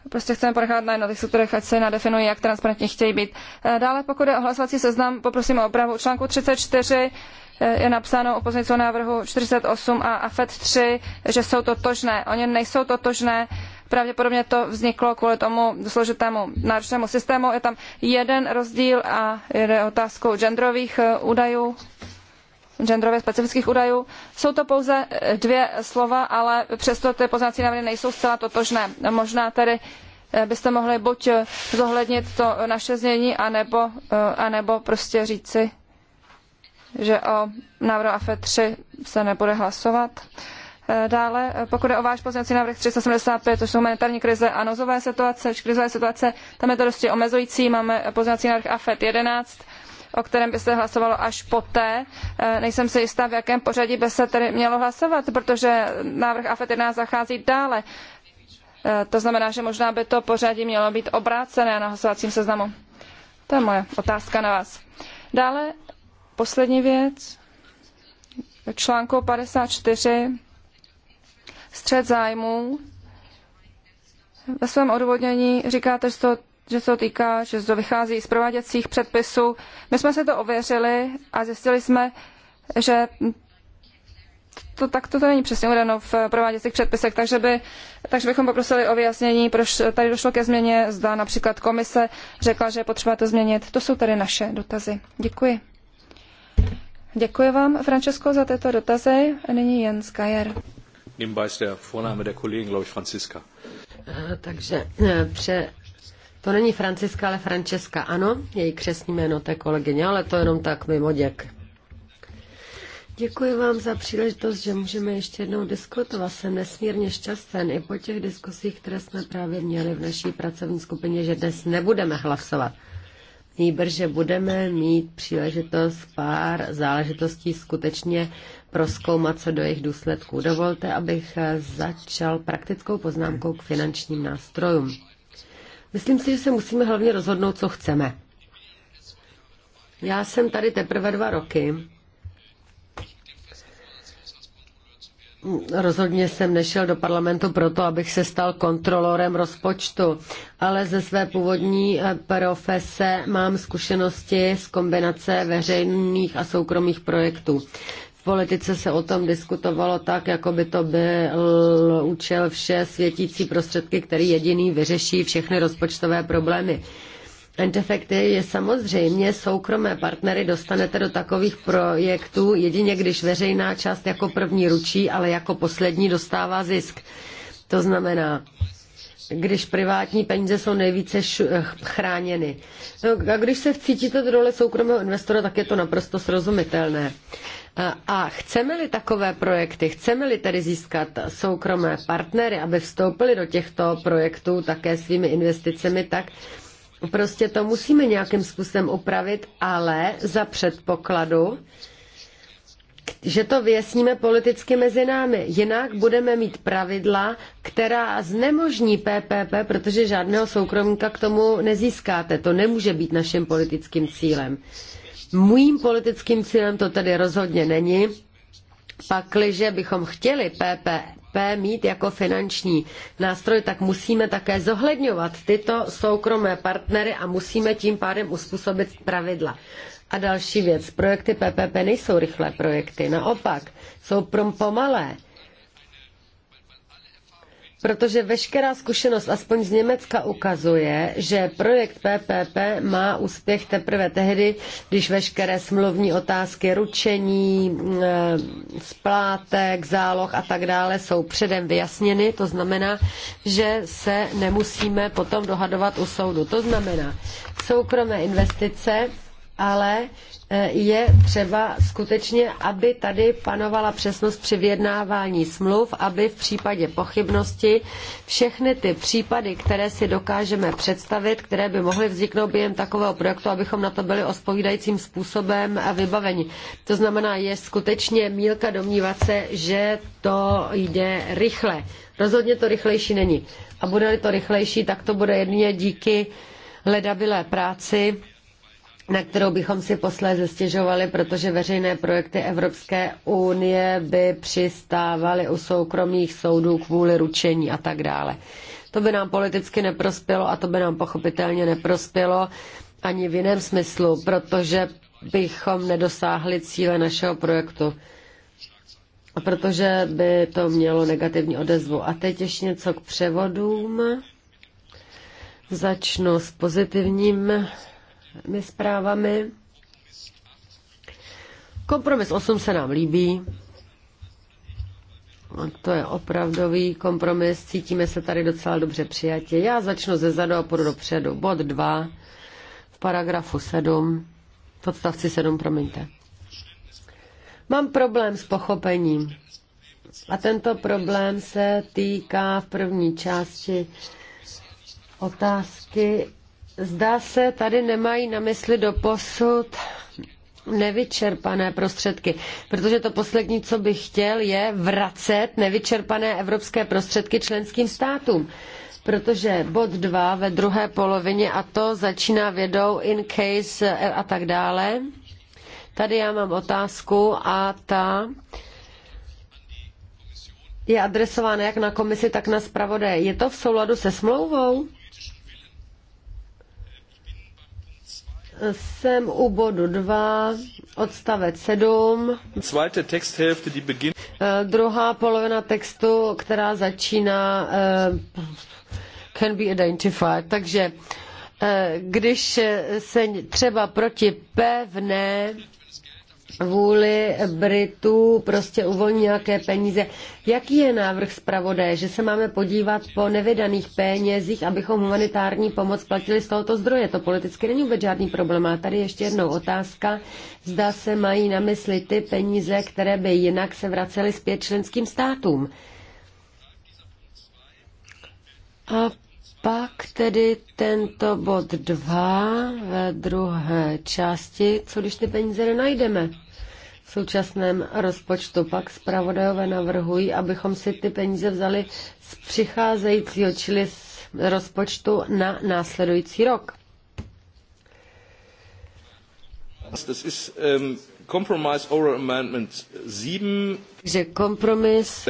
[SPEAKER 2] prostě chceme ponechat na jednotlivých sektorech, ať se nadefinují, jak transparentně chtějí být. Dále, pokud je o hlasovací seznam, poprosím o opravu článku 34 je napsáno o pozměňovacím návrhu 48 a AFET 3, že jsou totožné. Oni nejsou totožné. Pravděpodobně to vzniklo kvůli tomu složitému náročnému systému. Je tam jeden rozdíl a jde otázkou genderových eh, údajů, genderově specifických údajů. Jsou to pouze eh, dvě slova, ale přesto ty poznací návrhy nejsou zcela totožné. Možná tedy eh, byste mohli buď zohlednit to naše znění, anebo, anebo prostě říci, že o návrhu AFE 3 se nebude hlasovat. Eh, dále, eh, pokud je o váš pozměňovací návrh 375, to jsou humanitární krize a nozové situace, či krizové situace, tam je to dosti omezující. Máme eh, pozměňovací návrh AFET 11, o kterém by se hlasovalo až poté. Nejsem si jistá, v jakém pořadí by se tedy mělo hlasovat, protože návrh AFET 11 zachází dále. To znamená, že možná by to pořadí mělo být obrácené na hlasovacím seznamu. To je moje otázka na vás. Dále poslední věc. Článku 54 střed zájmů. Ve svém odvodnění říkáte, že to že se to týká, že to vychází z prováděcích předpisů. My jsme se to ověřili a zjistili jsme, že to tak to není přesně uvedeno v prováděcích předpisech, takže, by, takže bychom poprosili o vyjasnění, proč tady došlo ke změně, zda například komise řekla, že je potřeba to změnit. To jsou tady naše dotazy. Děkuji. Děkuji vám, Francesco, za tyto dotazy. A nyní Jens Kajer.
[SPEAKER 1] Nebenbei ist der Vorname der Kollegen, glaube ich, Franziska.
[SPEAKER 3] Eh, takže eh, pře... to není Franciska, ale Francesca. Ano, její křesní jméno té kolegyně, ale to jenom tak mimo děk. Děkuji vám za příležitost, že můžeme ještě jednou diskutovat. Jsem nesmírně šťasten i po těch diskusích, které jsme právě měli v naší pracovní skupině, že dnes nebudeme hlasovat. Nýbrž, že budeme mít příležitost pár záležitostí skutečně proskoumat se do jejich důsledků. Dovolte, abych začal praktickou poznámkou k finančním nástrojům. Myslím si, že se musíme hlavně rozhodnout, co chceme. Já jsem tady teprve dva roky. Rozhodně jsem nešel do parlamentu proto, abych se stal kontrolorem rozpočtu, ale ze své původní profese mám zkušenosti z kombinace veřejných a soukromých projektů politice se o tom diskutovalo tak, jako by to byl účel vše světící prostředky, který jediný vyřeší všechny rozpočtové problémy. And je samozřejmě soukromé partnery dostanete do takových projektů jedině, když veřejná část jako první ručí, ale jako poslední dostává zisk. To znamená, když privátní peníze jsou nejvíce eh, chráněny. No, a když se vcítíte do role soukromého investora, tak je to naprosto srozumitelné. A chceme-li takové projekty, chceme-li tedy získat soukromé partnery, aby vstoupili do těchto projektů také svými investicemi, tak prostě to musíme nějakým způsobem upravit, ale za předpokladu, že to vyjasníme politicky mezi námi. Jinak budeme mít pravidla, která znemožní PPP, protože žádného soukromníka k tomu nezískáte. To nemůže být naším politickým cílem. Mým politickým cílem to tedy rozhodně není. Pakliže bychom chtěli PPP mít jako finanční nástroj, tak musíme také zohledňovat tyto soukromé partnery a musíme tím pádem uspůsobit pravidla. A další věc, projekty PPP nejsou rychlé projekty, naopak, jsou pomalé protože veškerá zkušenost, aspoň z Německa, ukazuje, že projekt PPP má úspěch teprve tehdy, když veškeré smluvní otázky ručení, eh, splátek, záloh a tak dále jsou předem vyjasněny. To znamená, že se nemusíme potom dohadovat u soudu. To znamená, soukromé investice ale e, je třeba skutečně, aby tady panovala přesnost při vyjednávání smluv, aby v případě pochybnosti všechny ty případy, které si dokážeme představit, které by mohly vzniknout během takového projektu, abychom na to byli odpovídajícím způsobem vybaveni. To znamená, je skutečně mílka domnívat se, že to jde rychle. Rozhodně to rychlejší není. A bude-li to rychlejší, tak to bude jedině díky ledabilé práci na kterou bychom si posléze stěžovali, protože veřejné projekty Evropské unie by přistávaly u soukromých soudů kvůli ručení a tak dále. To by nám politicky neprospělo a to by nám pochopitelně neprospělo ani v jiném smyslu, protože bychom nedosáhli cíle našeho projektu. A protože by to mělo negativní odezvu. A teď ještě něco k převodům. Začnu s pozitivním zprávami. Kompromis 8 se nám líbí. To je opravdový kompromis, cítíme se tady docela dobře přijatě. Já začnu ze zadu a půjdu dopředu. Bod 2 v paragrafu 7, v odstavci 7, promiňte. Mám problém s pochopením. A tento problém se týká v první části otázky, Zdá se, tady nemají na mysli do posud nevyčerpané prostředky, protože to poslední, co bych chtěl, je vracet nevyčerpané evropské prostředky členským státům. Protože bod 2 ve druhé polovině a to začíná vědou in case eh, a tak dále. Tady já mám otázku a ta je adresována jak na komisi, tak na zpravodaje. Je to v souladu se smlouvou? Jsem u bodu 2, odstavec 7.
[SPEAKER 1] Zweite Texthälfte, die beginn...
[SPEAKER 3] Eh, druhá polovina textu, která začíná eh, can be identified. Takže eh, když se třeba proti pevné vůli Britů prostě uvolní nějaké peníze. Jaký je návrh zpravodaje, že se máme podívat po nevydaných penězích, abychom humanitární pomoc platili z tohoto zdroje? To politicky není vůbec žádný problém. A tady ještě jednou otázka. Zda se mají na mysli ty peníze, které by jinak se vracely zpět členským státům. A pak tedy tento bod 2 ve druhé části, co když ty peníze nenajdeme? V současném rozpočtu pak zpravodajové navrhují, abychom si ty peníze vzali z přicházejícího, čili z rozpočtu na následující rok.
[SPEAKER 1] Das ähm, Takže kompromis.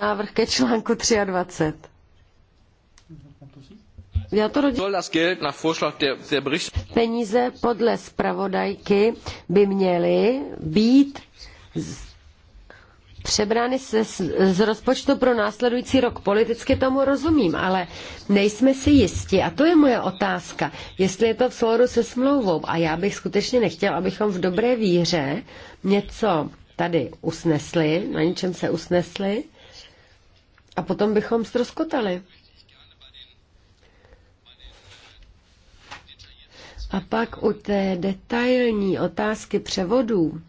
[SPEAKER 3] Návrh ke článku 23. Peníze podle zpravodajky by měly být přebrány se z rozpočtu pro následující rok. Politicky tomu rozumím, ale nejsme si jisti. A to je moje otázka, jestli je to v souladu se smlouvou. A já bych skutečně nechtěl, abychom v dobré víře něco tady usnesli, na něčem se usnesli, a potom bychom ztroskotali. A pak u té detailní otázky převodů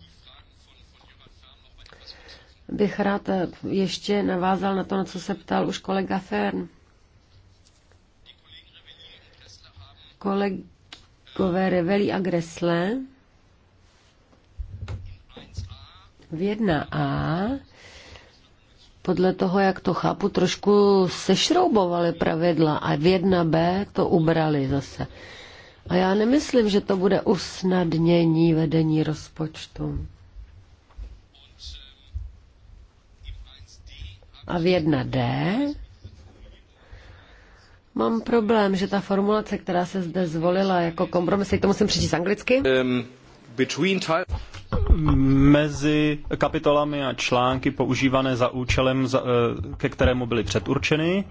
[SPEAKER 3] bych rád ještě navázal na to, na co se ptal už kolega Fern. Kolegové Reveli a Gressle v 1a podle toho, jak to chápu, trošku sešroubovali pravidla a v 1b to ubrali zase. A já nemyslím, že to bude usnadnění vedení rozpočtu. A v 1D mám problém, že ta formulace, která se zde zvolila jako kompromis, to musím přečíst
[SPEAKER 4] anglicky. Um, between mezi kapitolami a články používané za účelem, eh, ke kterému byly předurčeny.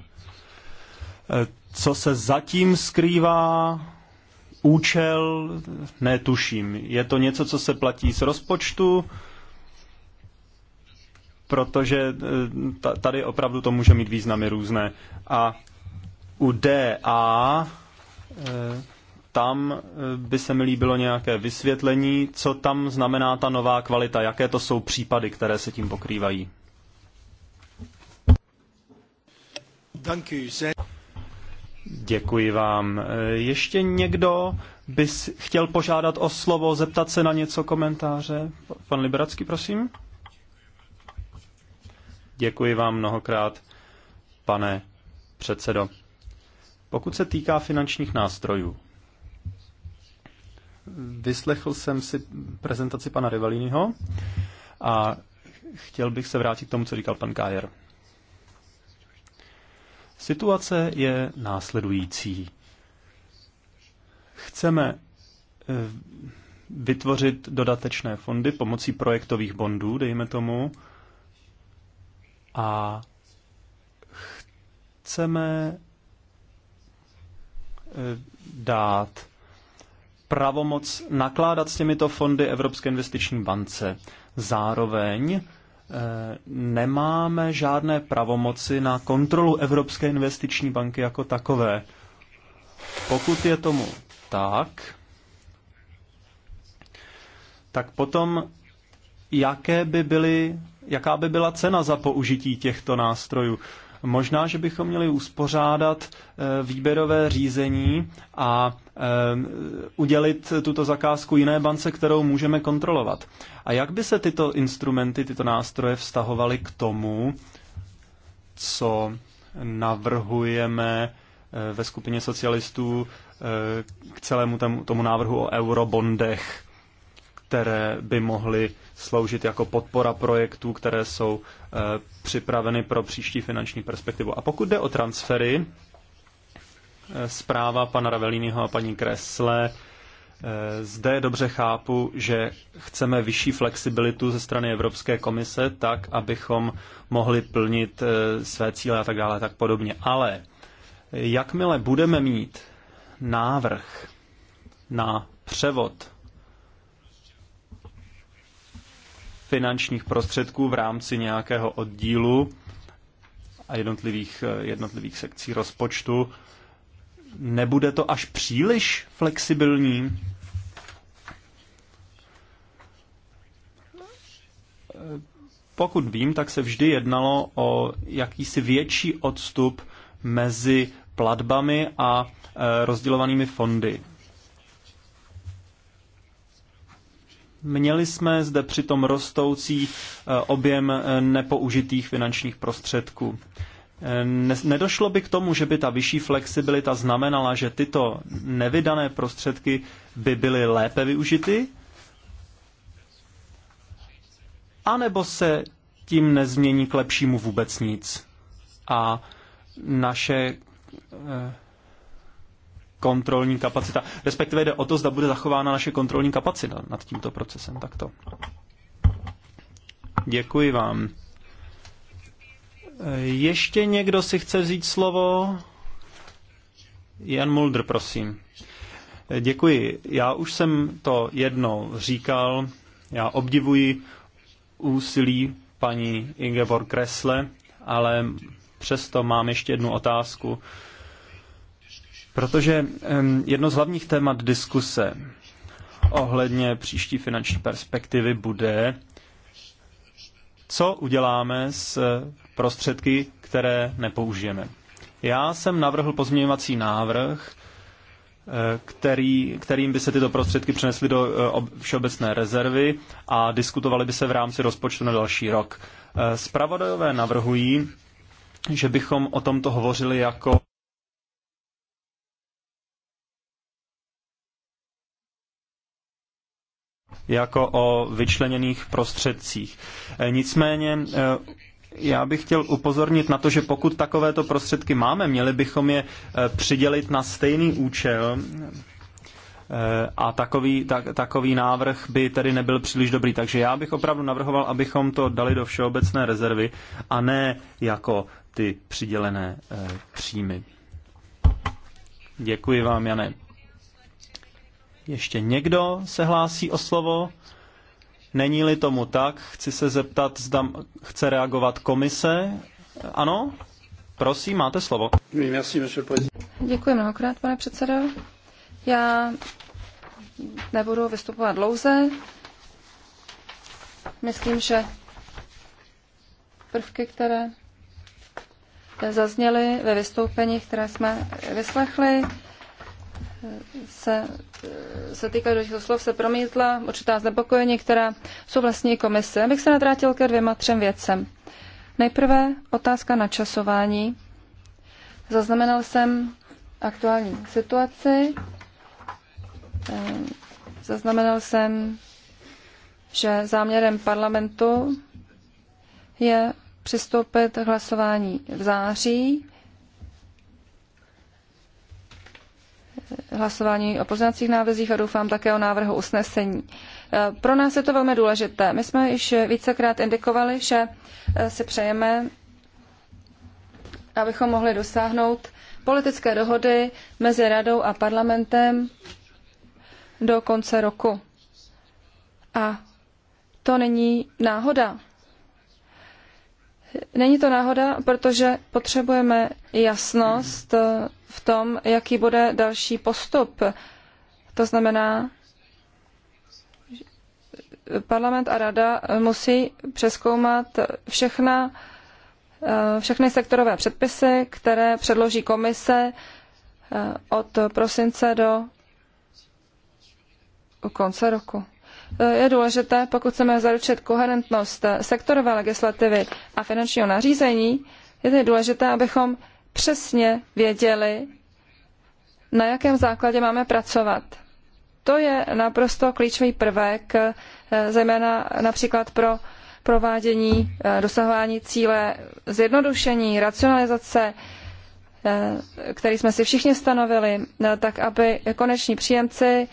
[SPEAKER 4] Eh, co se zatím skrývá, účel netuším. Je to něco, co se platí z rozpočtu, protože eh, tady opravdu to může mít významy různé. A u DA eh, tam eh, by se mi líbilo nějaké vysvětlení, co tam znamená ta nová kvalita, jaké to jsou případy, které se tím pokrývají. Děkuji. Děkuji vám. Ještě někdo by chtěl požádat o slovo, zeptat se na něco komentáře? Pan Liberacký, prosím. Děkuji vám mnohokrát, pane předsedo. Pokud se týká finančních nástrojů, vyslechl jsem si prezentaci pana Rivaliniho a chtěl bych se vrátit k tomu, co říkal pan Kájer. Situace je následující. Chceme eh, vytvořit dodatečné fondy pomocí projektových bondů, dejme tomu, a chceme eh, dát pravomoc nakládat s těmito fondy Evropské investiční bance. Zároveň Eh, nemáme žádné pravomoci na kontrolu Evropské investiční banky jako takové. Pokud je tomu tak, tak potom jaké by byly, jaká by byla cena za použití těchto nástrojů? Možná, že bychom měli uspořádat eh, výběrové řízení a eh, udělit tuto zakázku jiné bance, kterou můžeme kontrolovat. A jak by se tyto instrumenty, tyto nástroje vztahovaly k tomu, co navrhujeme eh, ve skupině socialistů k celému tomu návrhu o eurobondech? které by mohly sloužit jako podpora projektů, které jsou eh, připraveny pro příští finanční perspektivu. A pokud jde o transfery, eh, zpráva pana Ravelínyho a paní Kresle, eh, zde dobře chápu, že chceme vyšší flexibilitu ze strany Evropské komise, tak abychom mohli plnit své cíle a tak dále a tak podobně. Ale jakmile budeme mít návrh na převod finančních prostředků v rámci nějakého oddílu a jednotlivých, eh, jednotlivých sekcí rozpočtu. Nebude to až příliš flexibilní? Pokud vím, tak se vždy jednalo o jakýsi větší odstup mezi platbami a eh, rozdělovanými fondy. Měli jsme zde přitom rostoucí eh, objem eh, nepoužitých finančních prostředků. Eh, nedošlo by k tomu, že by ta vyšší flexibilita znamenala, že tyto nevydané prostředky by byly lépe využity? A nebo se tím nezmění k lepšímu vůbec nic? A naše kontrolní kapacita, respektive jde o to, zda bude zachována naše kontrolní kapacita nad tímto procesem takto. Děkuji vám. Ještě někdo si chce vzít slovo? Jan Mulder, prosím. Děkuji. Já už jsem to jednou říkal. Já obdivuji úsilí paní Ingeborg Kresle, ale přesto mám ještě jednu otázku protože jedno z hlavních témat diskuse ohledně příští finanční perspektivy bude, co uděláme s eh, prostředky, které nepoužijeme. Já jsem navrhl pozměňovací návrh, eh, který, kterým by se tyto prostředky přenesly do eh, všeobecné rezervy a diskutovaly by se v rámci rozpočtu na další rok. Spravodajové navrhují, že bychom o tomto hovořili jako jako o vyčleněných prostředcích. E, nicméně e, já bych chtěl upozornit na to, že pokud takovéto prostředky máme, měli bychom je e, přidělit na stejný účel a takový, tak, takový návrh by tedy nebyl příliš dobrý. Takže já bych opravdu navrhoval, abychom to dali do všeobecné rezervy a ne jako ty přidělené příjmy. Děkuji vám, Jane. Ještě někdo se hlásí o slovo? Není-li tomu tak, chci se zeptat, zda chce reagovat komise. Ano? Prosím, máte slovo.
[SPEAKER 2] Děkuji mnohokrát, pane předsedo. Já nebudu vystupovat dlouze. Myslím, že prvky, které zazněly ve vystoupení, které jsme vyslechli, se, se týká do slov, se promítla určitá znepokojení, která jsou vlastní komise. Abych se nadrátil ke dvěma, třem věcem. Nejprve otázka na časování. Zaznamenal jsem aktuální situaci. Ehm, zaznamenal jsem, že záměrem parlamentu je přistoupit k hlasování v září hlasování o poznacích návrzích a doufám také o návrhu usnesení. E, pro nás je to velmi důležité. My jsme již vícekrát indikovali, že e, si přejeme, abychom mohli dosáhnout politické dohody mezi radou a parlamentem do konce roku. A to není náhoda. Není to náhoda, protože potřebujeme jasnost e, v tom, jaký bude další postup. To znamená, parlament a rada musí přeskoumat všechna, eh, všechny sektorové předpisy, které předloží komise eh, od prosince do konce roku. Eh, je důležité, pokud chceme zaručit koherentnost sektorové legislativy a finančního nařízení, je tedy důležité, abychom přesně věděli, na jakém základě máme pracovat. To je naprosto klíčový prvek, eh, zejména například pro provádění, eh, dosahování cíle, zjednodušení, racionalizace, eh, který jsme si všichni stanovili, tak aby koneční příjemci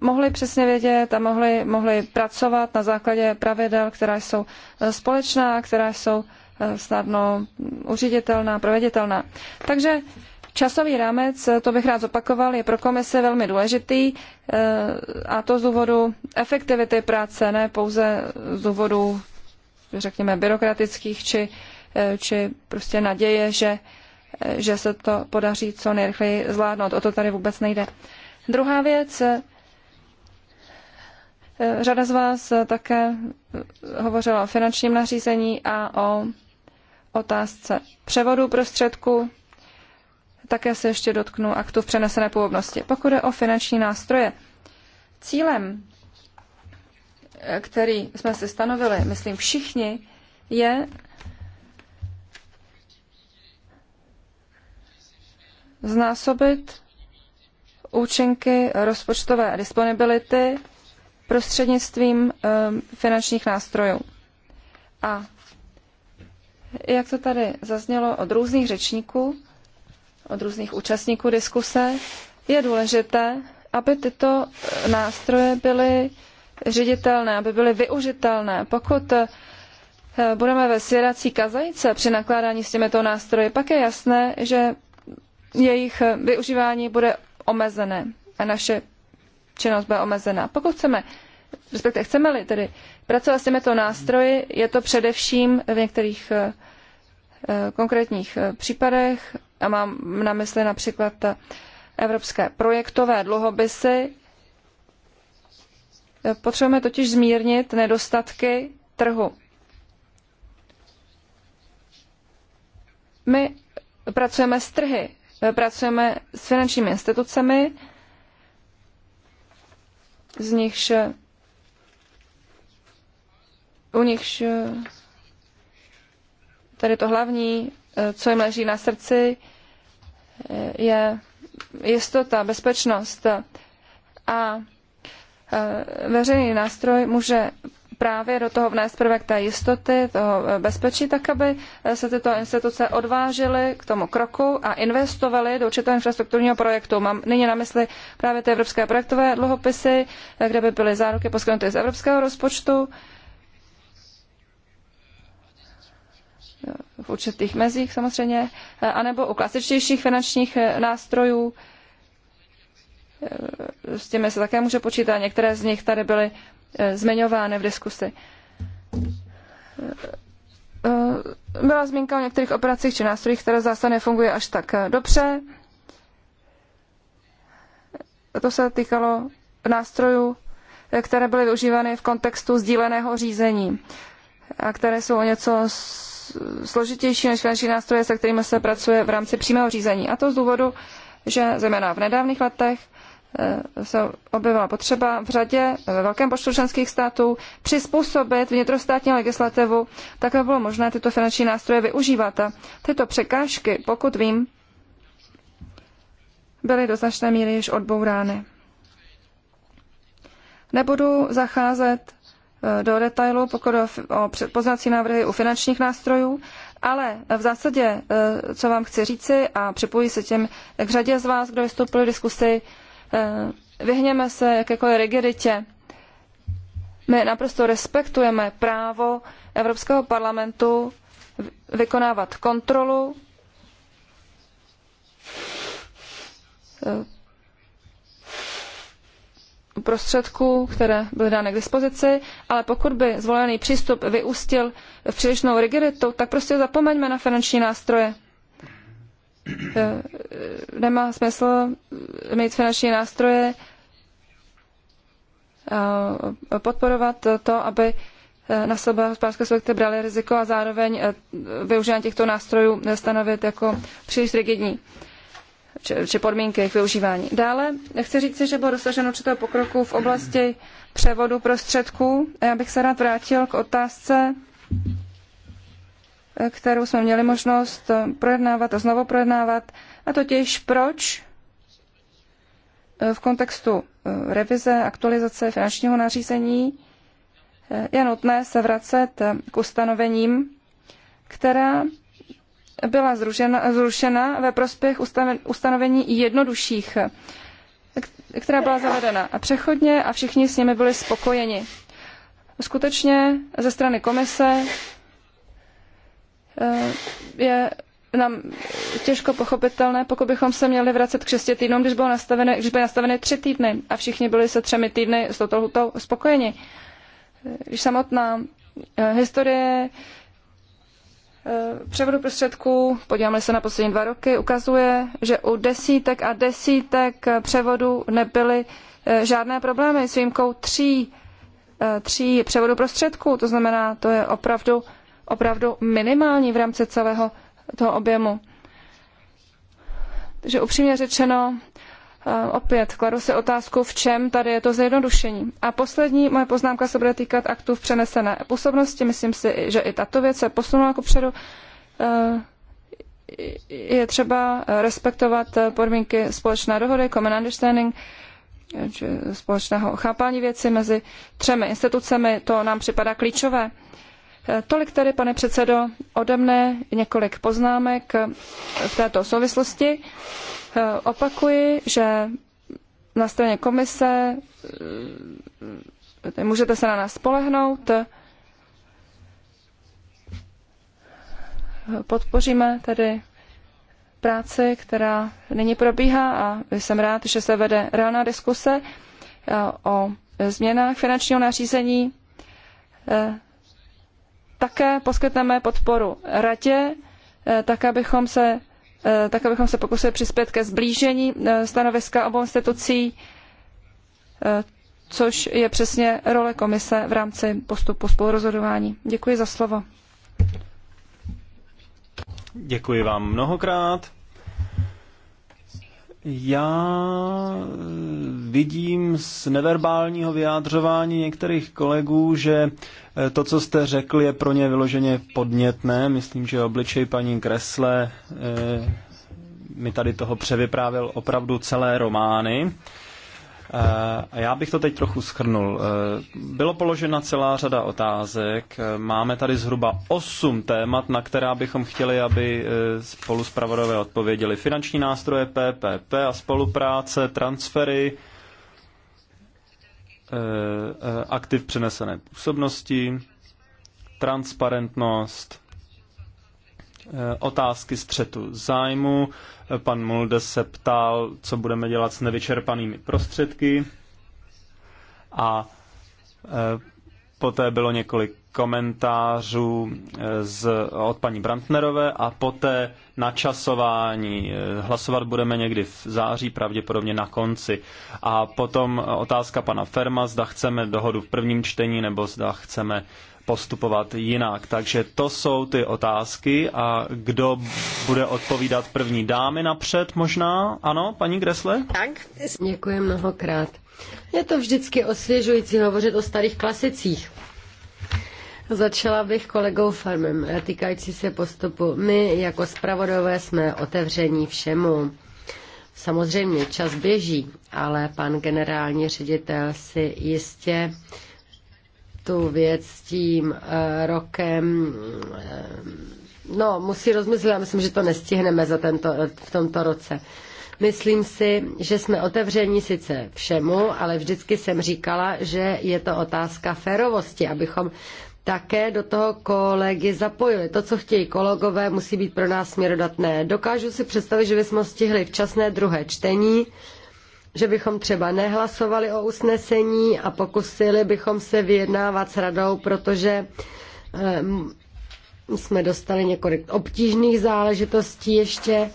[SPEAKER 2] mohli přesně vědět a mohli, mohli pracovat na základě pravidel, která jsou společná, která jsou Eh, snadno uřiditelná, proveditelná. Takže Časový rámec, eh, to bych rád zopakoval, je pro komise velmi důležitý eh, a to z důvodu efektivity práce, ne pouze z důvodu, řekněme, byrokratických či, či prostě naděje, že, že se to podaří co nejrychleji zvládnout. O to tady vůbec nejde. Druhá věc, řada z vás také hovořila o finančním nařízení a o otázce převodu prostředků. Také se ještě dotknu aktu v přenesené původnosti. Pokud je o finanční nástroje, cílem, který jsme si stanovili, myslím všichni, je znásobit účinky rozpočtové disponibility prostřednictvím ehm, finančních nástrojů. A jak to tady zaznělo od různých řečníků, od různých účastníků diskuse, je důležité, aby tyto eh, nástroje byly ředitelné, aby byly využitelné. Pokud eh, budeme ve svěrací kazajce při nakládání s těmito nástroji, pak je jasné, že jejich eh, využívání bude omezené a naše činnost bude omezená. Pokud chceme respektive chceme-li tedy pracovat s těmito nástroji, je to především v některých eh, eh, konkrétních eh, případech, a mám na mysli například evropské projektové dluhopisy, potřebujeme totiž zmírnit nedostatky trhu. My pracujeme s trhy, pracujeme s finančními institucemi, z nichž u nichž eh, tady to hlavní, eh, co jim leží na srdci, eh, je jistota, bezpečnost. A veřejný nástroj může právě do toho vnést prvek té jistoty, toho bezpečí, tak aby se tyto instituce odvážily k tomu kroku a investovaly do určitého infrastrukturního projektu. Mám nyní na mysli právě ty evropské projektové dluhopisy, kde by byly záruky poskytnuty z evropského rozpočtu, v určitých mezích samozřejmě, eh, anebo u klasičtějších finančních eh, nástrojů. Eh, s těmi se také může počítat, některé z nich tady byly zmiňovány v diskusi. Byla zmínka o některých operacích či nástrojích, které zase fungují až tak dobře. To se týkalo nástrojů, které byly využívány v kontextu sdíleného řízení a které jsou o něco složitější než finanční nástroje, se kterými se pracuje v rámci přímého řízení. A to z důvodu, že zejména v nedávných letech eh, se objevila potřeba v řadě ve velkém počtu členských států přizpůsobit vnitrostátní legislativu, tak aby bylo možné tyto finanční nástroje využívat. A tyto překážky, pokud vím, byly do značné míry již odbourány. Nebudu zacházet Eh, do detailu, pokud o poznací návrhy u finančních nástrojů, ale v zásadě, eh, co vám chci říci a připojí se tím, k řadě z vás, kdo vystoupili v diskusi, eh, vyhněme se jakékoliv rigiditě. My naprosto respektujeme právo Evropského parlamentu vykonávat kontrolu prostředků, které byly dány k dispozici, ale pokud by zvolený přístup vyústil v přílišnou rigiditu, tak prostě zapomeňme na finanční nástroje. Eh, nemá smysl mít finanční nástroje, eh, podporovat to, aby eh, na sebe hospodářské subjekty brali riziko a zároveň využívání těchto nástrojů stanovit jako příliš rigidní či, podmínky jejich využívání. Dále chci říct, že bylo dosaženo určitého pokroku v oblasti převodu prostředků. Já bych se rád vrátil k otázce, kterou jsme měli možnost projednávat a znovu projednávat, a totiž proč v kontextu revize, aktualizace finančního nařízení je nutné se vracet k ustanovením, která byla zrušena, zrušena ve prospěch ustanovení jednodušších, která byla zavedena a přechodně a všichni s nimi byli spokojeni. Skutečně ze strany komise eh, je nám těžko pochopitelné, pokud bychom se měli vracet k šesti týdnům, když, bylo nastaveny, když byly nastaveny tři týdny a všichni byli se třemi týdny s touto lhutou spokojeni. Když samotná eh, historie Eh, převodu prostředků, podíváme se na poslední dva roky, ukazuje, že u desítek a desítek převodů nebyly eh, žádné problémy s výjimkou tří, eh, tří převodu prostředků. To znamená, to je opravdu, opravdu minimální v rámci celého toho objemu. Takže upřímně řečeno, Eh, opět kladu si otázku, v čem tady je to zjednodušení. A poslední moje poznámka se bude týkat aktů v přenesené působnosti. Myslím si, že i tato věc se posunula kupředu. Eh, je třeba respektovat podmínky společné dohody, common understanding, či společného chápání věci mezi třemi institucemi. To nám připadá klíčové. Eh, tolik tedy, pane předsedo, ode mne několik poznámek v této souvislosti Eh, opakuji, že na straně komise eh, můžete se na nás spolehnout. Eh, podpoříme tedy práci, která nyní probíhá a jsem rád, že se vede reálná diskuse o změnách finančního nařízení. Také poskytneme podporu radě, tak abychom se Eh, tak abychom se pokusili přispět ke zblížení eh, stanoviska obou institucí, eh, což je přesně role komise v rámci postupu spolurozhodování. Děkuji za slovo.
[SPEAKER 4] Děkuji vám mnohokrát. Já eh, vidím z neverbálního vyjádřování některých kolegů, že eh, to, co jste řekl, je pro ně vyloženě podnětné. Myslím, že obličej paní Kresle eh, mi tady toho převyprávěl opravdu celé romány. Eh, a já bych to teď trochu schrnul. Eh, bylo položena celá řada otázek. Eh, máme tady zhruba osm témat, na která bychom chtěli, aby spolu zpravodové odpověděli. Finanční nástroje, PPP a spolupráce, transfery, aktiv přenesené působnosti, transparentnost, Eh, otázky střetu zájmu. Eh, pan Mulde se ptal, co budeme dělat s nevyčerpanými prostředky. A eh, poté bylo několik komentářů z, od paní Brantnerové a poté načasování. Hlasovat budeme někdy v září, pravděpodobně na konci. A potom otázka pana Ferma, zda chceme dohodu v prvním čtení nebo zda chceme postupovat jinak. Takže to jsou ty otázky a kdo bude odpovídat první dámy napřed možná? Ano, paní Gresle?
[SPEAKER 3] Tak, děkuji mnohokrát. Je to vždycky osvěžující hovořit o starých klasicích. Začala bych kolegou Farmem, týkající se postupu. My jako spravodové jsme otevření všemu. Samozřejmě čas běží, ale pan generální ředitel si jistě tu věc s tím eh, rokem. Eh, no, musí rozmyslet, já myslím, že to nestihneme za tento, v tomto roce. Myslím si, že jsme otevření sice všemu, ale vždycky jsem říkala, že je to otázka férovosti, abychom také do toho kolegy zapojili. To, co chtějí kolegové, musí být pro nás směrodatné. Dokážu si představit, že bychom stihli včasné druhé čtení, že bychom třeba nehlasovali o usnesení a pokusili bychom se vyjednávat s radou, protože eh, jsme dostali několik obtížných záležitostí ještě.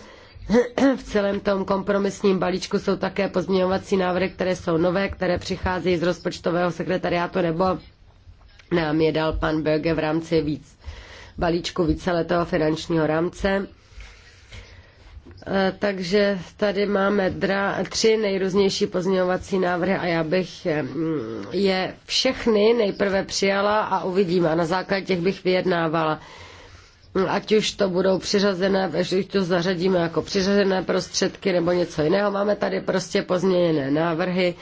[SPEAKER 3] <clears throat> V celém tom kompromisním balíčku jsou také pozměňovací návrhy, které jsou nové, které přicházejí z rozpočtového sekretariátu nebo nám je dal pan Böge v rámci víc balíčku víceletého finančního rámce. Eh, takže tady máme dra, tři nejrůznější pozměňovací návrhy a já bych eh, mm, je všechny nejprve přijala a uvidím a na základě těch bych vyjednávala. Mm, ať už to budou přiřazené, až už to zařadíme jako přiřazené prostředky nebo něco jiného. Máme tady prostě pozměněné návrhy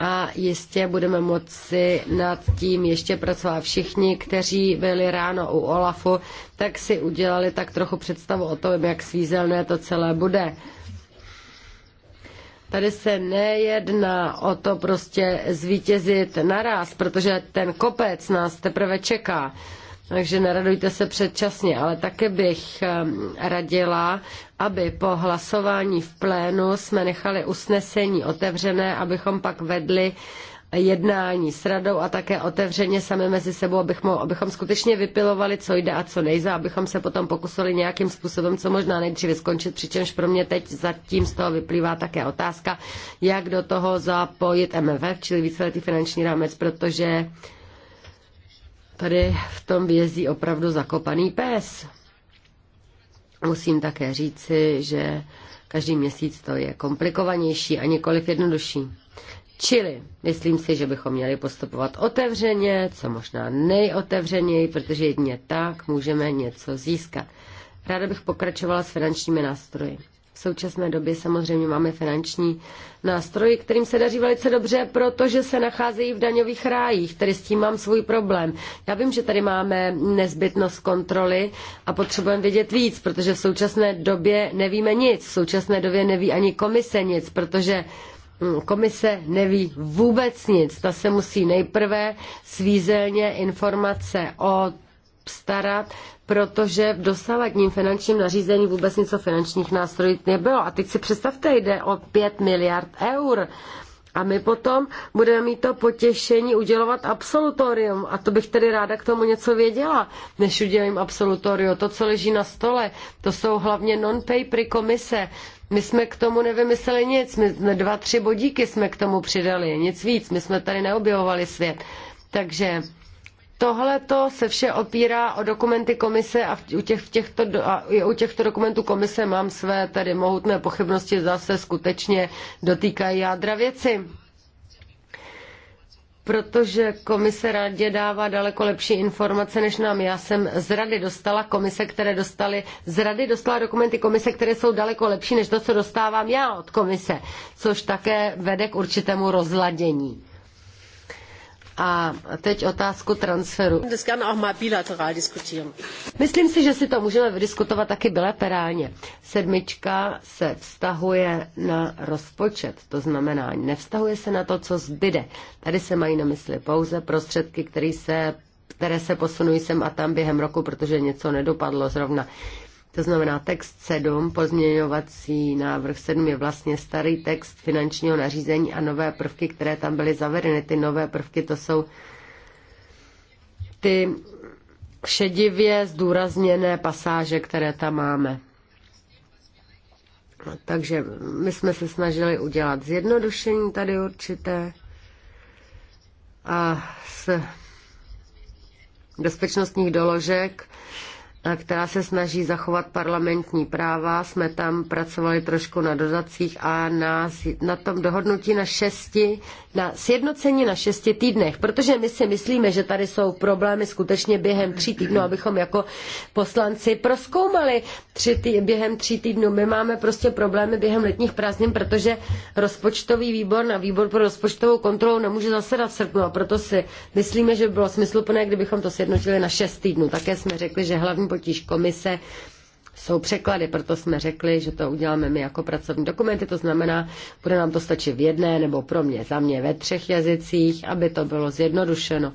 [SPEAKER 3] a jistě budeme moci nad tím ještě pracovat. Všichni, kteří byli ráno u Olafu, tak si udělali tak trochu představu o tom, jak svízelné to celé bude. Tady se nejedná o to prostě zvítězit naraz, protože ten kopec nás teprve čeká takže neradujte se předčasně, ale také bych ehm, radila, aby po hlasování v plénu jsme nechali usnesení otevřené, abychom pak vedli jednání s radou a také otevřeně sami mezi sebou, abychom, abychom skutečně vypilovali, co jde a co nejde, abychom se potom pokusili nějakým způsobem, co možná nejdříve skončit, přičemž pro mě teď zatím z toho vyplývá také otázka, jak do toho zapojit MFF, čili víceletý finanční rámec, protože Tady v tom vězí opravdu zakopaný pes. Musím také říci, že každý měsíc to je komplikovanější a nikoliv jednodušší. Čili myslím si, že bychom měli postupovat otevřeně, co možná nejotevřeněji, protože jedině tak můžeme něco získat. Ráda bych pokračovala s finančními nástroji. V současné době samozřejmě máme finanční nástroj, kterým se daří velice dobře, protože se nacházejí v daňových rájích, tedy s tím mám svůj problém. Já vím, že tady máme nezbytnost kontroly a potřebujeme vědět víc, protože v současné době nevíme nic. V současné době neví ani komise nic, protože hm, komise neví vůbec nic. Ta se musí nejprve svízelně informace od obstarat, protože v dosavadním finančním nařízení vůbec nic o finančních nástrojích nebylo. A teď si představte, jde o 5 miliard eur. A my potom budeme mít to potěšení udělovat absolutorium. A to bych tedy ráda k tomu něco věděla, než udělím absolutorium. To, co leží na stole, to jsou hlavně non-papery komise. My jsme k tomu nevymysleli nic. My dva, tři bodíky jsme k tomu přidali. Nic víc. My jsme tady neobjevovali svět. Takže Tohle to se vše opírá o dokumenty komise a, v, u, těch, v těchto, a u těchto dokumentů komise mám své tady mohutné pochybnosti, zase skutečně dotýkají jádra věci protože komise radě dává daleko lepší informace než nám. Já jsem z rady dostala komise, které dostali, z rady dostala dokumenty komise, které jsou daleko lepší než to, co dostávám já od komise, což také vede k určitému rozladění. A teď otázku transferu. Myslím si, že si to můžeme vydiskutovat taky bilaterálně. Sedmička se vztahuje na rozpočet, to znamená, nevztahuje se na to, co zbyde. Tady se mají na mysli pouze prostředky, které se, které se posunují sem a tam během roku, protože něco nedopadlo zrovna. To znamená text 7, pozměňovací návrh 7 je vlastně starý text finančního nařízení a nové prvky, které tam byly zavedeny. Ty nové prvky to jsou ty šedivě zdůrazněné pasáže, které tam máme. Takže my jsme se snažili udělat zjednodušení tady určité a z bezpečnostních doložek která se snaží zachovat parlamentní práva. Jsme tam pracovali trošku na dodacích a na, na tom dohodnutí na šesti, na sjednocení na šesti týdnech, protože my si myslíme, že tady jsou problémy skutečně během tří týdnů, abychom jako poslanci proskoumali tři tý, během tří týdnů. My máme prostě problémy během letních prázdnin, protože rozpočtový výbor na výbor pro rozpočtovou kontrolu nemůže zasedat v srpnu a proto si myslíme, že by bylo smysluplné, kdybychom to sjednotili na šest týdnů. Také jsme řekli, že hlavní potíž komise jsou překlady, proto jsme řekli, že to uděláme my jako pracovní dokumenty, to znamená, bude nám to stačit v jedné nebo pro mě, za mě ve třech jazycích, aby to bylo zjednodušeno.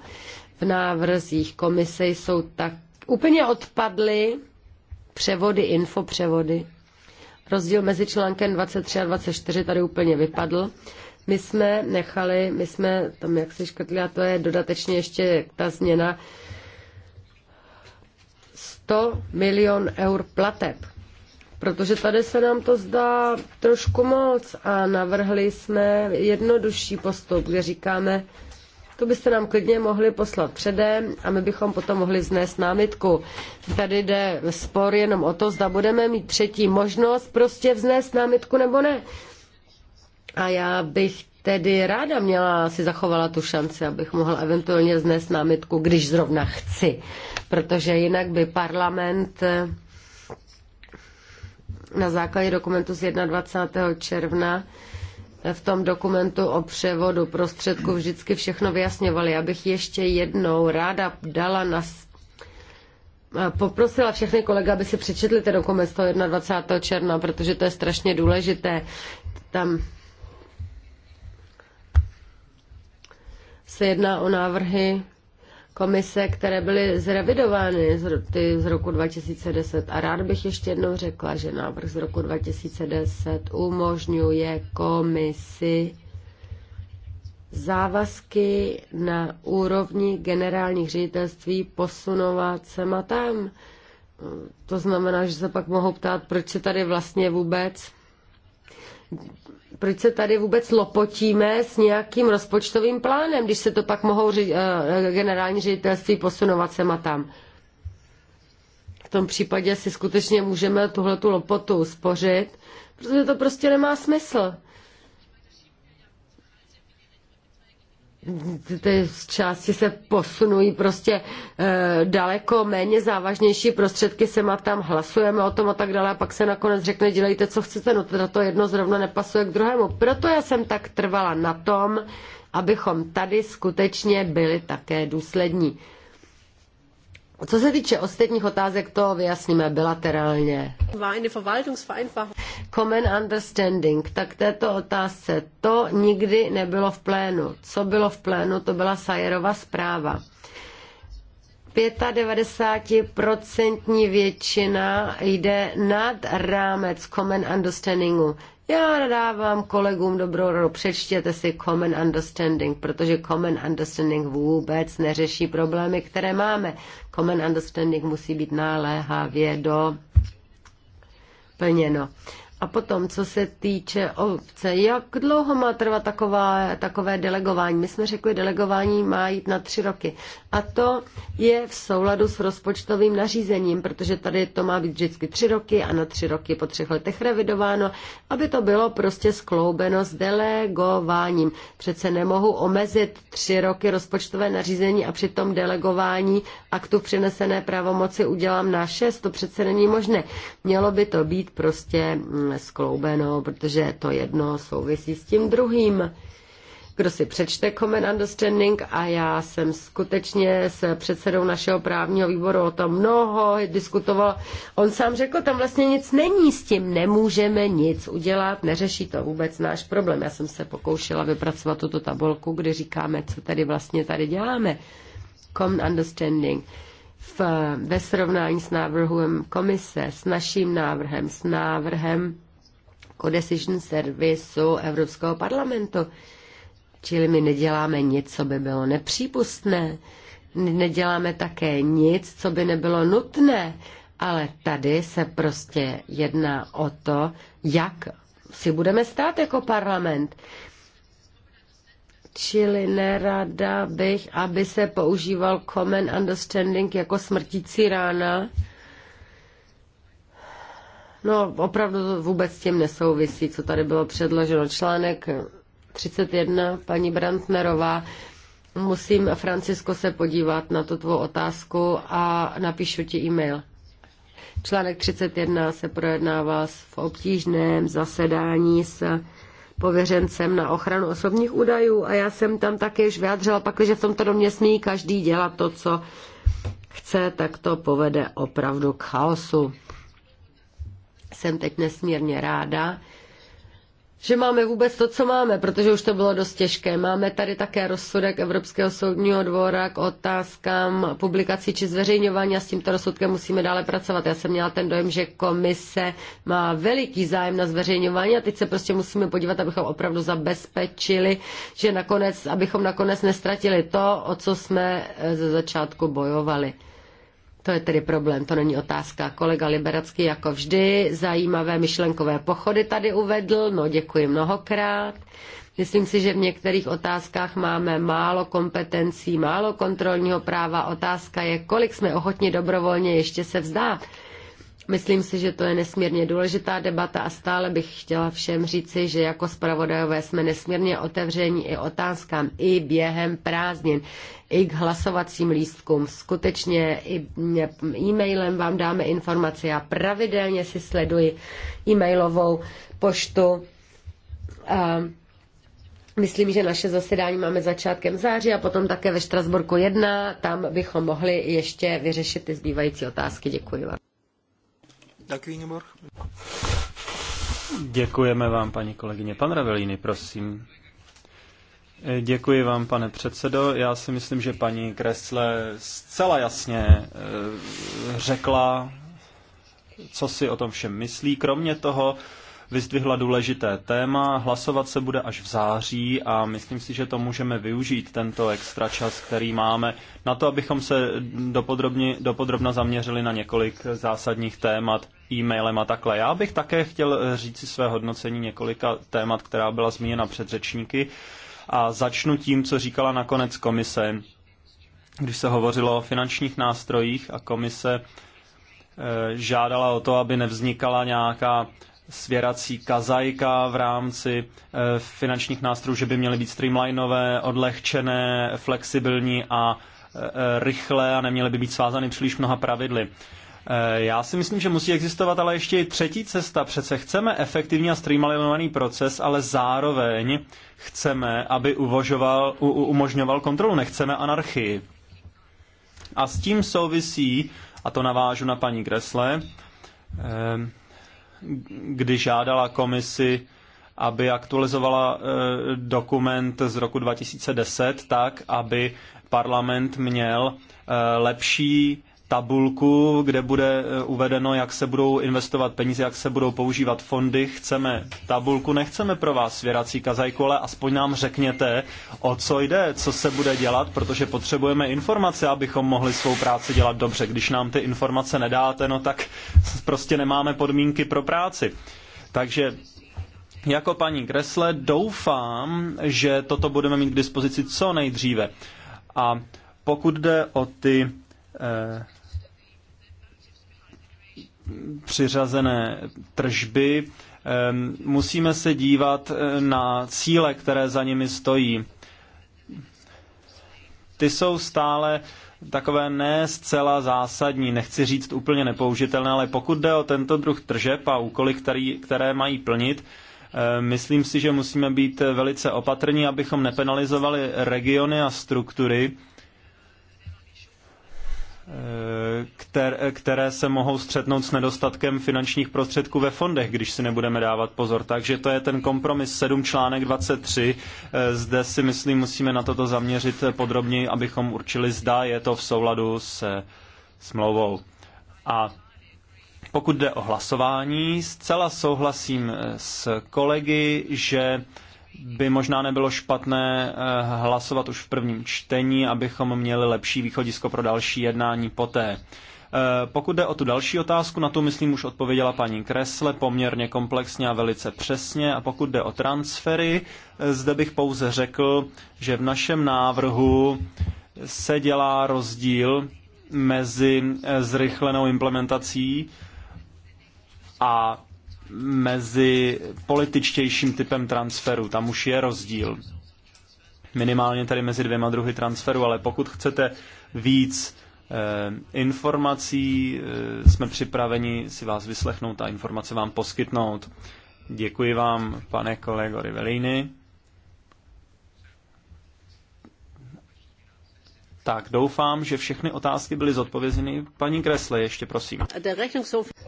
[SPEAKER 3] V návrzích komise jsou tak úplně odpadly převody, infopřevody. Rozdíl mezi článkem 23 a 24 tady úplně vypadl. My jsme nechali, my jsme tam jak se škrtli, a to je dodatečně ještě ta změna, 100 milion eur plateb. Protože tady se nám to zdá trošku moc a navrhli jsme jednodušší postup, kde říkáme, to byste nám klidně mohli poslat předem a my bychom potom mohli znést námitku. Tady jde spor jenom o to, zda budeme mít třetí možnost prostě vznést námitku nebo ne. A já bych tedy ráda měla, si zachovala tu šanci, abych mohla eventuálně znést námitku, když zrovna chci, protože jinak by parlament eh, na základě dokumentu z 21. června eh, v tom dokumentu o převodu prostředků vždycky všechno vyjasňovali. Já bych ještě jednou ráda dala na poprosila všechny kolega, aby si přečetli ten dokument z toho 21. června, protože to je strašně důležité. Tam se jedná o návrhy komise, které byly zrevidovány z, ty z roku 2010. A rád bych ještě jednou řekla, že návrh z roku 2010 umožňuje komisi závazky na úrovni generálních ředitelství posunovat se a tam. To znamená, že se pak mohou ptát, proč se tady vlastně vůbec proč se tady vůbec lopotíme s nějakým rozpočtovým plánem, když se to pak mohou ři- eh, generální ředitelství posunovat sem a tam. V tom případě si skutečně můžeme tuhle tu lopotu spořit, protože to prostě nemá smysl. ty části se posunují prostě e, daleko méně závažnější prostředky se má tam, hlasujeme o tom a tak dále a pak se nakonec řekne, dělejte, co chcete, no teda to jedno zrovna nepasuje k druhému. Proto já jsem tak trvala na tom, abychom tady skutečně byli také důslední. Co se týče ostatních otázek, to vyjasníme bilaterálně. Common understanding, tak této otázce, to nikdy nebylo v plénu. Co bylo v plénu, to byla Sajerova zpráva. 95% většina jde nad rámec common understandingu. Já nadávám kolegům dobrou radu, přečtěte si Common Understanding, protože Common Understanding vůbec neřeší problémy, které máme. Common Understanding musí být naléhavě do plněno. A potom, co se týče obce, jak dlouho má trvat taková, takové delegování? My jsme řekli, delegování má jít na tři roky. A to je v souladu s rozpočtovým nařízením, protože tady to má být vždycky tři roky a na tři roky po třech letech revidováno, aby to bylo prostě skloubeno s delegováním. Přece nemohu omezit tři roky rozpočtové nařízení a přitom delegování aktu přenesené pravomoci udělám na šest. To přece není možné. Mělo by to být prostě mm, skloubeno, protože to jedno souvisí s tím druhým. Kdo si přečte Common Understanding a já jsem skutečně s předsedou našeho právního výboru o tom mnoho diskutoval. On sám řekl, tam vlastně nic není, s tím nemůžeme nic udělat, neřeší to vůbec náš problém. Já jsem se pokoušela vypracovat tuto tabulku, kde říkáme, co tady vlastně tady děláme. Common Understanding v, ve srovnání s návrhem komise, s naším návrhem, s návrhem co-decision servisu Evropského parlamentu. Čili my neděláme nic, co by bylo nepřípustné, neděláme také nic, co by nebylo nutné, ale tady se prostě jedná o to, jak si budeme stát jako parlament. Čili nerada bych, aby se používal common understanding jako smrtící rána. No, opravdu to vůbec s tím nesouvisí, co tady bylo předloženo. Článek 31, paní Brandnerová, Musím, Francisko, se podívat na tu tvou otázku a napíšu ti e-mail. Článek 31 se projednává v obtížném zasedání s pověřencem na ochranu osobních údajů a já jsem tam také už vyjádřila, pakliže v tomto domě smí každý dělat to, co chce, tak to povede opravdu k chaosu. Jsem teď nesmírně ráda, že máme vůbec to, co máme, protože už to bylo dost těžké. Máme tady také rozsudek Evropského soudního dvora k otázkám publikací či zveřejňování a s tímto rozsudkem musíme dále pracovat. Já jsem měla ten dojem, že komise má veliký zájem na zveřejňování a teď se prostě musíme podívat, abychom opravdu zabezpečili, že nakonec, abychom nakonec nestratili to, o co jsme ze začátku bojovali. To je tedy problém, to není otázka. Kolega Liberacký jako vždy zajímavé myšlenkové pochody tady uvedl, no děkuji mnohokrát. Myslím si, že v některých otázkách máme málo kompetencí, málo kontrolního práva. Otázka je, kolik jsme ochotni dobrovolně ještě se vzdát Myslím si, že to je nesmírně důležitá debata a stále bych chtěla všem říci, že jako spravodajové jsme nesmírně otevření i otázkám, i během prázdnin, i k hlasovacím lístkům. Skutečně i e-mailem vám dáme informace. Já pravidelně si sleduji e-mailovou poštu. A Myslím, že naše zasedání máme začátkem září a potom také ve Štrasburku 1. Tam bychom mohli ještě vyřešit ty zbývající otázky. Děkuji vám.
[SPEAKER 1] Děkuji,
[SPEAKER 4] Děkujeme vám, paní kolegyně. Pan Ravelíny, prosím. Děkuji vám, pane předsedo. Já si myslím, že paní Kresle zcela jasně eh, řekla, co si o tom všem myslí. Kromě toho, vyzdvihla důležité téma. Hlasovat se bude až v září a myslím si, že to můžeme využít, tento extra čas, který máme, na to, abychom se dopodrobně, dopodrobna zaměřili na několik zásadních témat e-mailem a takhle. Já bych také chtěl říct si své hodnocení několika témat, která byla zmíněna před řečníky a začnu tím, co říkala nakonec komise. Když se hovořilo o finančních nástrojích a komise eh, žádala o to, aby nevznikala nějaká svěrací kazajka v rámci eh, finančních nástrojů, že by měly být streamlinové, odlehčené, flexibilní a eh, eh, rychlé a neměly by být svázány příliš mnoha pravidly. Já si myslím, že musí existovat ale ještě i třetí cesta. Přece chceme efektivní a streamlinovaný proces, ale zároveň chceme, aby uvožoval, u, umožňoval kontrolu. Nechceme anarchii. A s tím souvisí, a to navážu na paní Gresle, eh, kdy žádala komisi, aby aktualizovala eh, dokument z roku 2010 tak, aby parlament měl eh, lepší tabulku, kde bude eh, uvedeno, jak se budou investovat peníze, jak se budou používat fondy. Chceme tabulku, nechceme pro vás svěrací kazajku, ale aspoň nám řekněte, o co jde, co se bude dělat, protože potřebujeme informace, abychom mohli svou práci dělat dobře. Když nám ty informace nedáte, no tak prostě nemáme podmínky pro práci. Takže jako paní Kresle doufám, že toto budeme mít k dispozici co nejdříve. A pokud jde o ty Eh, přiřazené tržby, eh, musíme se dívat eh, na cíle, které za nimi stojí. Ty jsou stále takové ne zcela zásadní, nechci říct úplně nepoužitelné, ale pokud jde o tento druh tržeb a úkoly, který, které mají plnit, myslím si, že musíme být velice opatrní, abychom nepenalizovali regiony a struktury, které se mohou střetnout s nedostatkem finančních prostředků ve fondech, když si nebudeme dávat pozor. Takže to je ten kompromis 7 článek 23. Eh, zde si myslím, musíme na toto zaměřit podrobněji, abychom určili, zda je to v souladu se smlouvou. A pokud jde o hlasování, zcela souhlasím eh, s kolegy, že by možná nebylo špatné eh, hlasovat už v prvním čtení, abychom měli lepší východisko pro další jednání poté. Eh, pokud jde o tu další otázku, na tu myslím už odpověděla paní Kresle poměrně komplexně a velice přesně. A pokud jde o transfery, eh, zde bych pouze řekl, že v našem návrhu se dělá rozdíl mezi zrychlenou implementací a mezi političtějším typem transferu. Tam už je rozdíl. Minimálně tady mezi dvěma druhy transferu, ale pokud chcete víc eh, informací, eh, jsme připraveni si vás vyslechnout a informace vám poskytnout. Děkuji vám, pane kolego Rivellini. Tak doufám, že všechny otázky byly zodpovězeny. Paní Kresle, ještě prosím.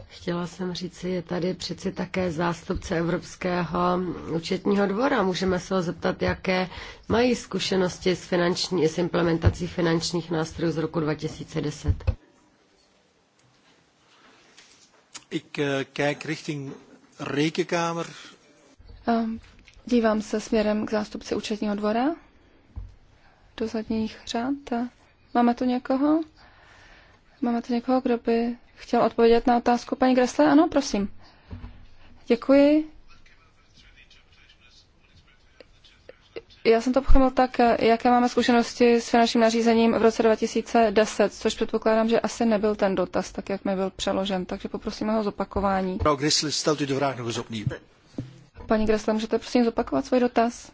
[SPEAKER 3] Chtěla jsem říct, je tady přeci také zástupce Evropského účetního dvora. Můžeme se ho zeptat, jaké mají zkušenosti s, finanční, s implementací finančních nástrojů z roku 2010.
[SPEAKER 1] Ik eh, kijk richting Rekenkamer.
[SPEAKER 2] Ehm, dívám se směrem k zástupci účetního dvora do zadních řad. Máme tu někoho? Máme tu někoho, kdo by chtěl odpovědět na otázku paní Gresle? Ano, prosím. Děkuji. Já jsem to pochopil tak, jaké máme zkušenosti s finančním nařízením v roce 2010, což předpokládám, že asi nebyl ten dotaz, tak jak mi byl přeložen, takže poprosím ho zopakování. Paní Gressle, můžete prosím zopakovat svůj dotaz?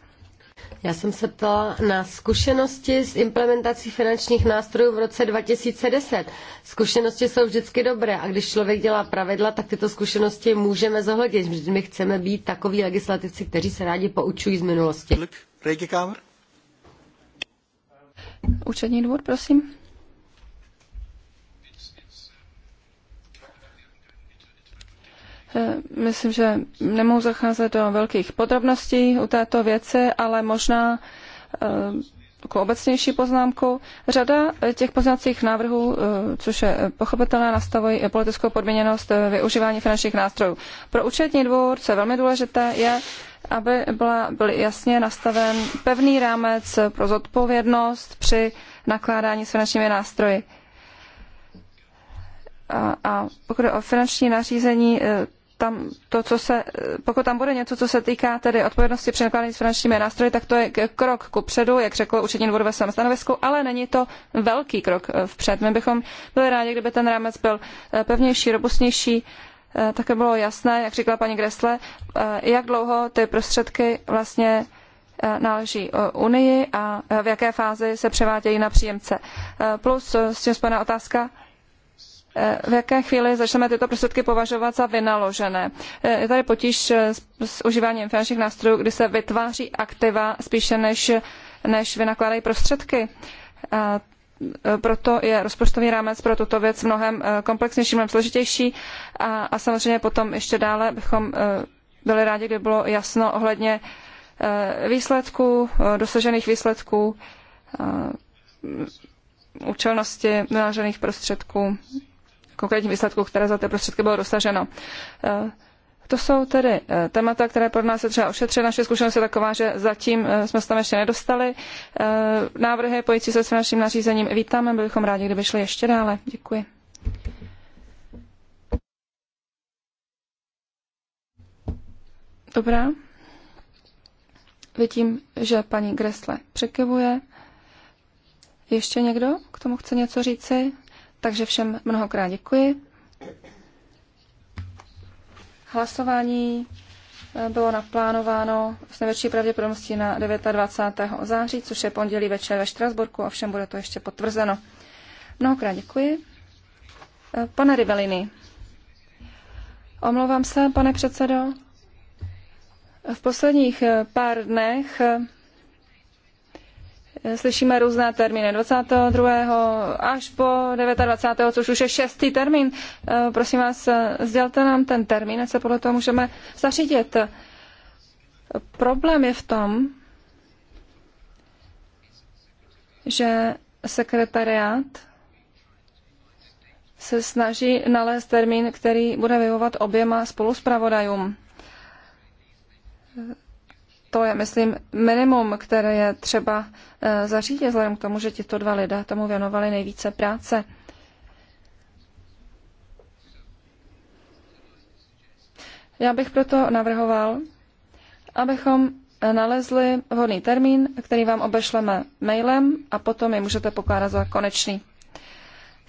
[SPEAKER 2] Já jsem se ptala na
[SPEAKER 3] zkušenosti s implementací finančních nástrojů v roce 2010. Zkušenosti jsou vždycky dobré a když člověk dělá pravidla, tak tyto zkušenosti můžeme zohlednit. My chceme být takoví legislativci, kteří se rádi poučují z minulosti.
[SPEAKER 2] Učení dvůr, prosím. Eh, myslím, že nemohu zacházet do velkých podrobností u této věci, ale možná takovou eh, obecnější poznámku. Řada eh, těch poznacích návrhů, což je pochopitelné, nastavují politickou podmíněnost využívání finančních nástrojů. Pro účetní dvůr, co je velmi důležité, je, aby byla, byl jasně nastaven pevný rámec pro zodpovědnost při nakládání s finančními nástroji. A, a pokud je o finanční nařízení, tam to, co se, pokud tam bude něco, co se týká tedy odpovědnosti při nakládání s finančními nástroji, tak to je krok ku předu, jak řekl určitě dvůr ve svém stanovisku, ale není to velký krok eh, vpřed. My bychom byli rádi, kdyby ten rámec byl eh, pevnější, robustnější, eh, také bylo jasné, jak říkala paní Gresle, jak dlouho ty prostředky vlastně náleží Unii a v jaké fázi se převádějí na příjemce. Plus s tím spojená otázka, Eh, v jaké chvíli začneme tyto prostředky považovat za vynaložené. Eh, je tady potíž eh, s, užíváním finančních nástrojů, kdy se vytváří aktiva spíše než, než vynakládají prostředky. proto je rozpočtový rámec pro tuto věc mnohem komplexnější, mnohem složitější a, a samozřejmě potom ještě dále bychom byli rádi, kdyby bylo jasno ohledně výsledků, dosažených výsledků, účelnosti vynaložených prostředků konkrétních výsledků, které za ty prostředky bylo dosaženo. Eh, to jsou tedy eh, témata, které pro nás se třeba ošetřit. Naše zkušenost je taková, že zatím eh, jsme se tam ještě nedostali. Návrhy pojící se s naším nařízením vítáme, byli bychom rádi, kdyby šli ještě dále. Děkuji. Dobrá. Vidím, že paní Gresle překivuje. Ještě někdo k tomu chce něco říci? Takže všem mnohokrát děkuji. Hlasování eh, bylo naplánováno s největší pravděpodobností na 29. září, což je pondělí večer ve Štrasburku, ovšem bude to ještě potvrzeno. Mnohokrát děkuji. Eh, pane Rybeliny, omlouvám se, pane předsedo. V posledních eh, pár dnech slyšíme různé termíny 22. až po 29. což už je šestý termín. Eh, prosím vás, sdělte nám ten termín, a se podle toho můžeme zařídit. Problém je v tom, že sekretariát se snaží nalézt termín, který bude vyhovat oběma spoluspravodajům to je, myslím, minimum, které je třeba eh, zařídit, vzhledem k tomu, že tito dva lidé tomu věnovali nejvíce práce. Já bych proto navrhoval, abychom nalezli vhodný termín, který vám obešleme mailem a potom je můžete pokládat za konečný.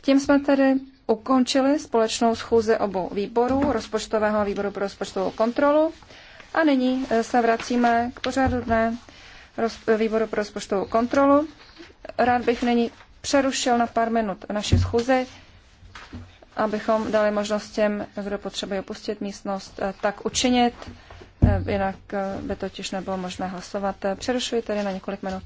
[SPEAKER 2] Tím jsme tedy ukončili společnou schůzi obou výborů, rozpočtového výboru pro rozpočtovou kontrolu. A nyní eh, se vracíme k pořadu dne výboru pro rozpočtovou kontrolu. Rád bych nyní přerušil na pár minut naši schůzi, abychom dali možnost těm, kdo potřebuje opustit místnost, eh, tak učinit. Eh, jinak by totiž nebylo možné hlasovat. Přerušuji tedy na několik minut.